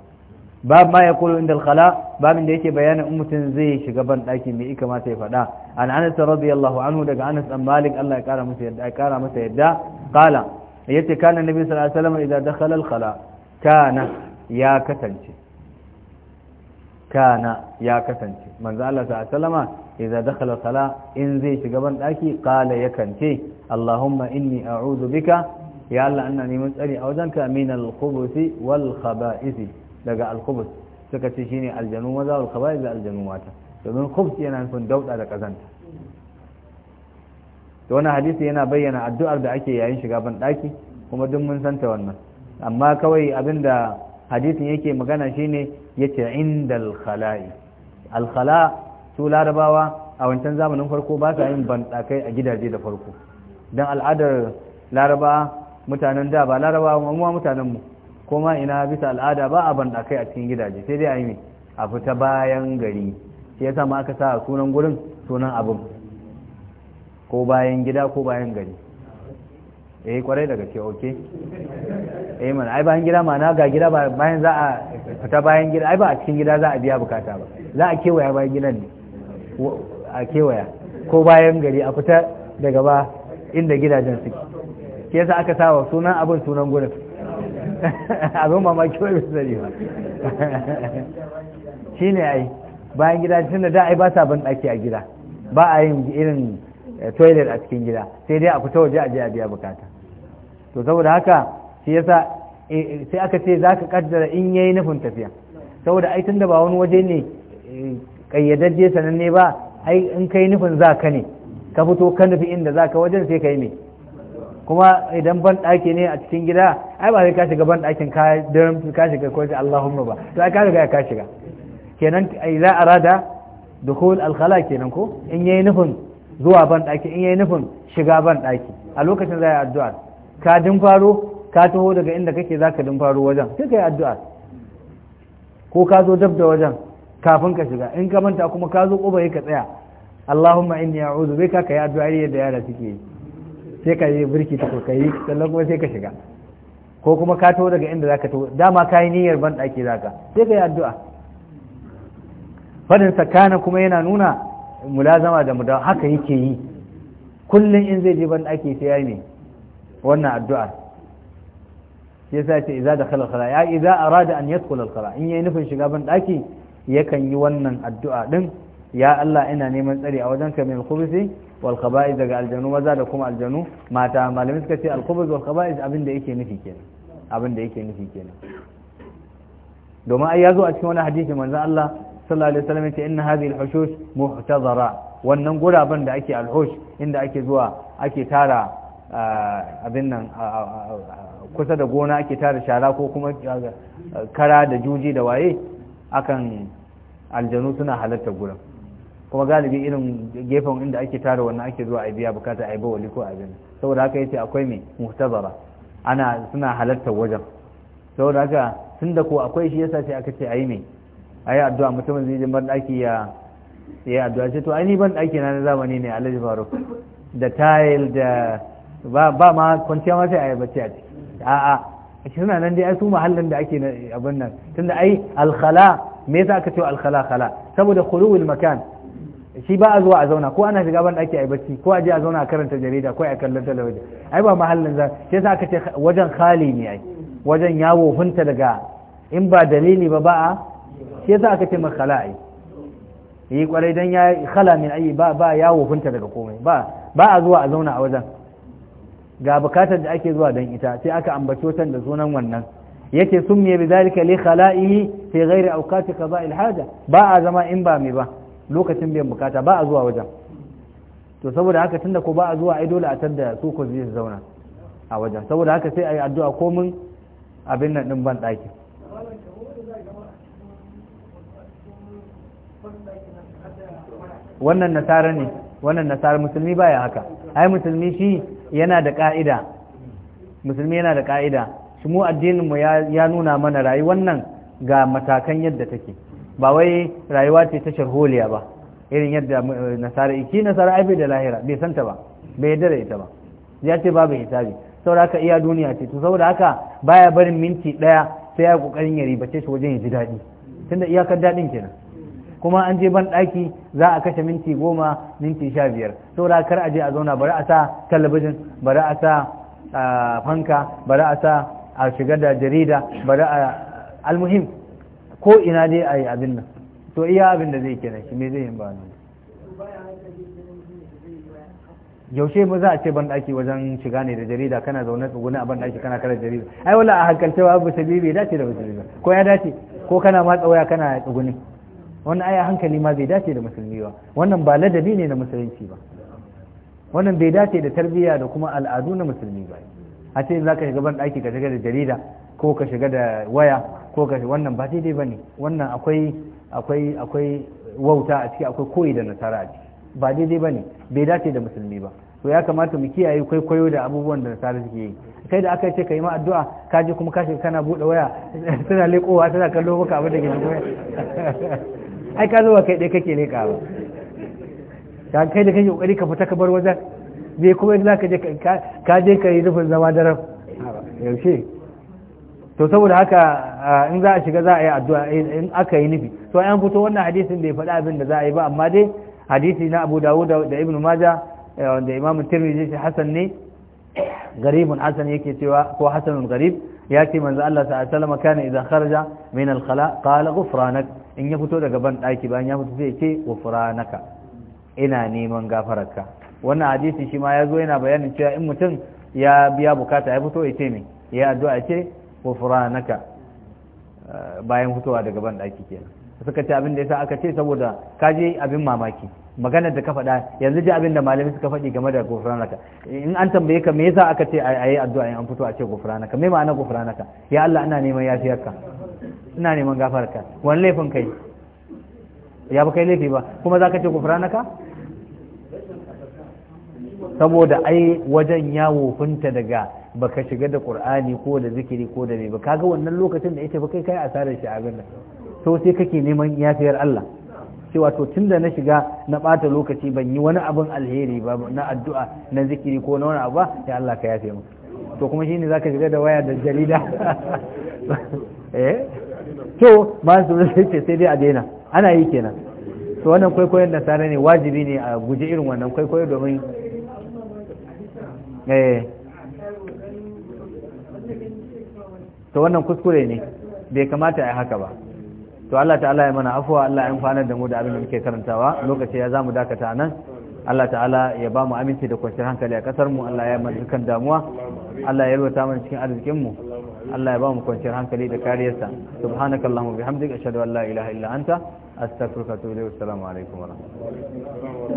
bab ma ya kulu inda alkhala babin da yake bayanin in mutum zai shiga ban ɗaki mai ika mata ya faɗa an anas radiyallahu anhu daga anas dan malik Allah ya kara masa yadda ya kara masa yadda qala yace kana nabi sallallahu alaihi wasallam idza dakhala alkhala kana ya kasance kana ya kasance manzo Allah ta sallama idza dakhala sala in zai shiga ban daki qala yakan ce Allahumma inni a'udhu bika ya Allah ina neman tsari a wajenka min al-khubuth wal khaba'ith daga al-khubuth suka ce shine aljanu wa zal khaba'ith aljanu mata domin khubth yana nufin dauda da kazanta to wannan hadisi yana bayyana addu'ar da ake yayin shiga ban daki kuma duk mun santa wannan amma kawai abinda hadisin yake magana shine yace indal khala'i al khala su larabawa a wancan zamanin farko ba sa yin bandakai a gidaje da farko dan al'adar laraba mutanen da ba laraba amma mutanen mu kuma ina bisa al'ada ba a bandakai a cikin gidaje sai dai a yi a fita bayan gari shi yasa ma aka sa sunan gurin sunan abin ko bayan gida ko bayan gari eh kwarai daga ce oke eh mana ai bayan gida mana ga gida bayan za a fita bayan gida ai ba a cikin gida za a biya bukata ba za a kewaya bayan gidan ne a kewaya ko bayan gari a fita daga ba inda gidajen suke ke yasa aka sawa sunan abin sunan gurin abin mamaki wani zari ba shi ne ai bayan gida tun da da ai ba sa ban ɗaki a gida ba a yin irin eh, toilet a cikin gida sai dai a fita waje a je a biya bukata to saboda haka shi yasa eh, eh, sai aka ce za ka kaddara in yayi nufin tafiya saboda ai tunda ba wani waje ne eh, kayyadajje sananne ba ai in kai nufin za ka ne ka fito ka nufi inda za ka wajen sai ka yi ne kuma idan ban ɗaki ne a cikin gida ai ba sai ka shiga ban ɗakin ka dan ka shiga ko sai Allahumma ba to ai ka riga ka shiga kenan za arada dukhul al-khala kenan ko in yayi nufin zuwa ban ɗaki in yayi nufin shiga ban ɗaki a lokacin za a yi addu'a ka faro ka taho daga inda kake za ka faro wajen sai ka yi addu'a ko ka zo dab da wajen kafin ka shiga in ka manta kuma ka zo ƙuba ka tsaya Allahumma inni a'udhu bika ka yi addu'a yadda yara suke yi sai ka yi birki ta ka yi sannan kuma sai ka shiga ko kuma ka taho daga inda za ka taho dama ka yi niyyar ban ɗaki za ka sai ka yi addu'a fadin sakana kuma yana nuna mulazama da mudawa haka yake yi kullum in zai je ban ɗaki sai ya yi ne wannan addu'a ya sa ce iza da khala khala ya iza arada an yadkhul al khala in yayi nufin shiga ban daki yakan yi wannan addu'a din ya Allah ina neman tsari a wajen ka min al khubuthi wal khaba'ith daga aljanu maza da kuma aljanu mata malamin suka ce al khubuth wal khaba'ith abin da yake nufi kenan abin da yake nufi kenan domin ai yazo a cikin wani hadisi manzo Allah sallallahu alaihi wasallam yace inna hadhihi al-hushush muhtazara wannan guraben da ake al-hush inda ake zuwa ake tara abin nan kusa da gona ake tara shara ko kuma kara da juji da waye akan aljanu suna halatta gurin kuma galibi irin gefen inda ake tara wannan ake zuwa a biya bukata a yi bawali ko abin saboda haka yace akwai mai muhtazara ana suna halatta wajen saboda haka tun da ko akwai shi yasa sai aka ce a yi mai a yi addu'a mutumin zai je ban ɗaki ya yi addu'a ce to ainihin ban ɗaki na zamani ne alhaji faruk da tile da ba ma kwanciya ma sai a yi bacci a ciki a'a suna nan dai ai su mahallin da ake abin nan tunda ai alkhala me za aka ce alkhala khala saboda khuluwul makan shi ba a zuwa a zauna ko ana shiga ban ake ai bacci ko a je a zauna a karanta jarida ko a kallon talabijin ai ba mahallin za shi yasa aka ce wajen khali ne ai wajen yawo hunta daga in ba dalili ba ba a shi yasa aka ce makhala ai yi kwarai dan ya khala min ai ba ba yawo hunta daga komai ba ba a zuwa a zauna a wajen ga bukatar da ake zuwa don ita sai aka ambaci wutan da sunan wannan yake sun bi zalika li khala'ihi fi ghairi awqati qada'il haja ba a zama in ba mai ba lokacin biyan bukata ba a zuwa wajen to saboda haka tunda ko ba a zuwa ai dole a tanda su ko zai zauna a wajen saboda haka sai ayi addu'a ko mun abin nan din ban daki wannan nasara ne wannan nasara musulmi baya haka ai musulmi shi yana da ƙa'ida musulmi yana da ƙa'ida su mu addininmu ya nuna mana rayuwar nan ga matakan yadda take ba wai rayuwa ce ta sharholiya ba irin yadda eh, nasara iki nasara ai da lahira bai santa ba bai yarda da ita ba ya ce babu hisabi saboda haka iya duniya ce to saboda haka baya barin minti daya sai ya kokarin ya ribace shi wajen ya ji daɗi tunda iyakar daɗin kenan kuma an je ban ɗaki za a kashe minti goma minti sha biyar saboda kar a je a zauna bari a sa talabijin bari a sa fanka bari a sa a shiga da jarida bari a almuhim ko ina dai a yi abin nan to iya abin da zai kenan shi me zai yin ba yaushe ba za a ce banɗaki wajen shiga ne da jarida kana zaune tsuguni a banɗaki kana kare jarida ai wala a hankalcewa abu sabibi bai dace da wasu ko ya dace ko kana matsa waya kana tsuguni wannan aya hankali ma bai dace da musulmi ba wannan ba ladabi ne na musulunci ba wannan bai dace da tarbiyya da kuma al'adu na musulmi ba a ce za ka shiga ban ɗaki ka shiga da jarida ko ka shiga da waya ko ka wannan ba daidai ba ne wannan akwai akwai akwai wauta a ciki akwai koyi da nasara a ciki ba daidai ba ne bai dace da musulmi ba to ya kamata mu kiyaye kwaikwayo da abubuwan da nasara suke yi kai da aka ce ka yi ma addu'a ka je kuma ka shiga kana buɗe waya tana leƙowa tana kallo maka abin da ke ai ka zuwa kai ɗai kake leƙa ba ta kai da kake ƙoƙari ka fita ka bar wajen me kuma za ka je ka je ka yi nufin zama daren yaushe to saboda haka in za a shiga za a yi addu'a in aka yi nufi to an fito wannan hadisin bai faɗi abin da za a yi ba amma dai hadisi na Abu Dawud da Ibn Majah eh, wanda Imam Tirmidhi shi Hassan ne garibun hasan yake cewa ko hasanun garib ya ce manzo Allah ta sallama kana idan kharaja min al-khala qala ghufranak in ya fito daga ban daki bayan ya fito sai ya ce ghufranaka ina neman gafararka wannan hadisi shi ma ya zo yana bayanin cewa in mutum ya biya bukata ya fito ya ce me ya addu'a ce ghufranaka eh, bayan fitowa daga ban daki kenan suka ce abin da yasa aka ce saboda ka je abin mamaki maganar da ka faɗa yanzu ji abin da malami suka faɗi game da gofranaka in an tambaye ka me yasa aka ce a yi addu'a in an fito a ce gofranaka me ma'ana gofranaka ya Allah ina neman yafiyarka ina neman gafararka wani laifin kai ya ba kai laifi ba kuma za ka ce gofranaka saboda ai wajen ya wofinta daga baka shiga da qur'ani ko da zikiri ko da me ba kaga wannan lokacin da yake ba kai kai asarar shi abin nan to sai kake neman yafiyar Allah cewa to tunda na shiga na ɓata lokaci ban yi wani abin alheri ba na addu'a na zikiri ko na wani abu ba ya Allah ka yafe mu to kuma shine zaka shiga da waya da jarida eh to ma su ce sai dai a daina ana yi kenan to wannan kwaikwayon da ne wajibi ne a guje irin wannan kwaikwayo domin eh to wannan kuskure ne bai kamata a yi haka ba to Allah ta'ala ya mana afuwa Allah ya amfanar da mu da abin da muke karantawa lokaci ya zamu dakata nan Allah ta'ala ya ba mu aminci da kwanciyar hankali a kasar mu Allah ya mana dukkan damuwa Allah ya yarwata mana cikin arzikin mu Allah ya ba mu kwanciyar hankali da kariyarsa subhanakallahumma bihamdika ashhadu an la ilaha illa anta astaghfiruka wa atubu ilayk assalamu alaikum wa rahmatullahi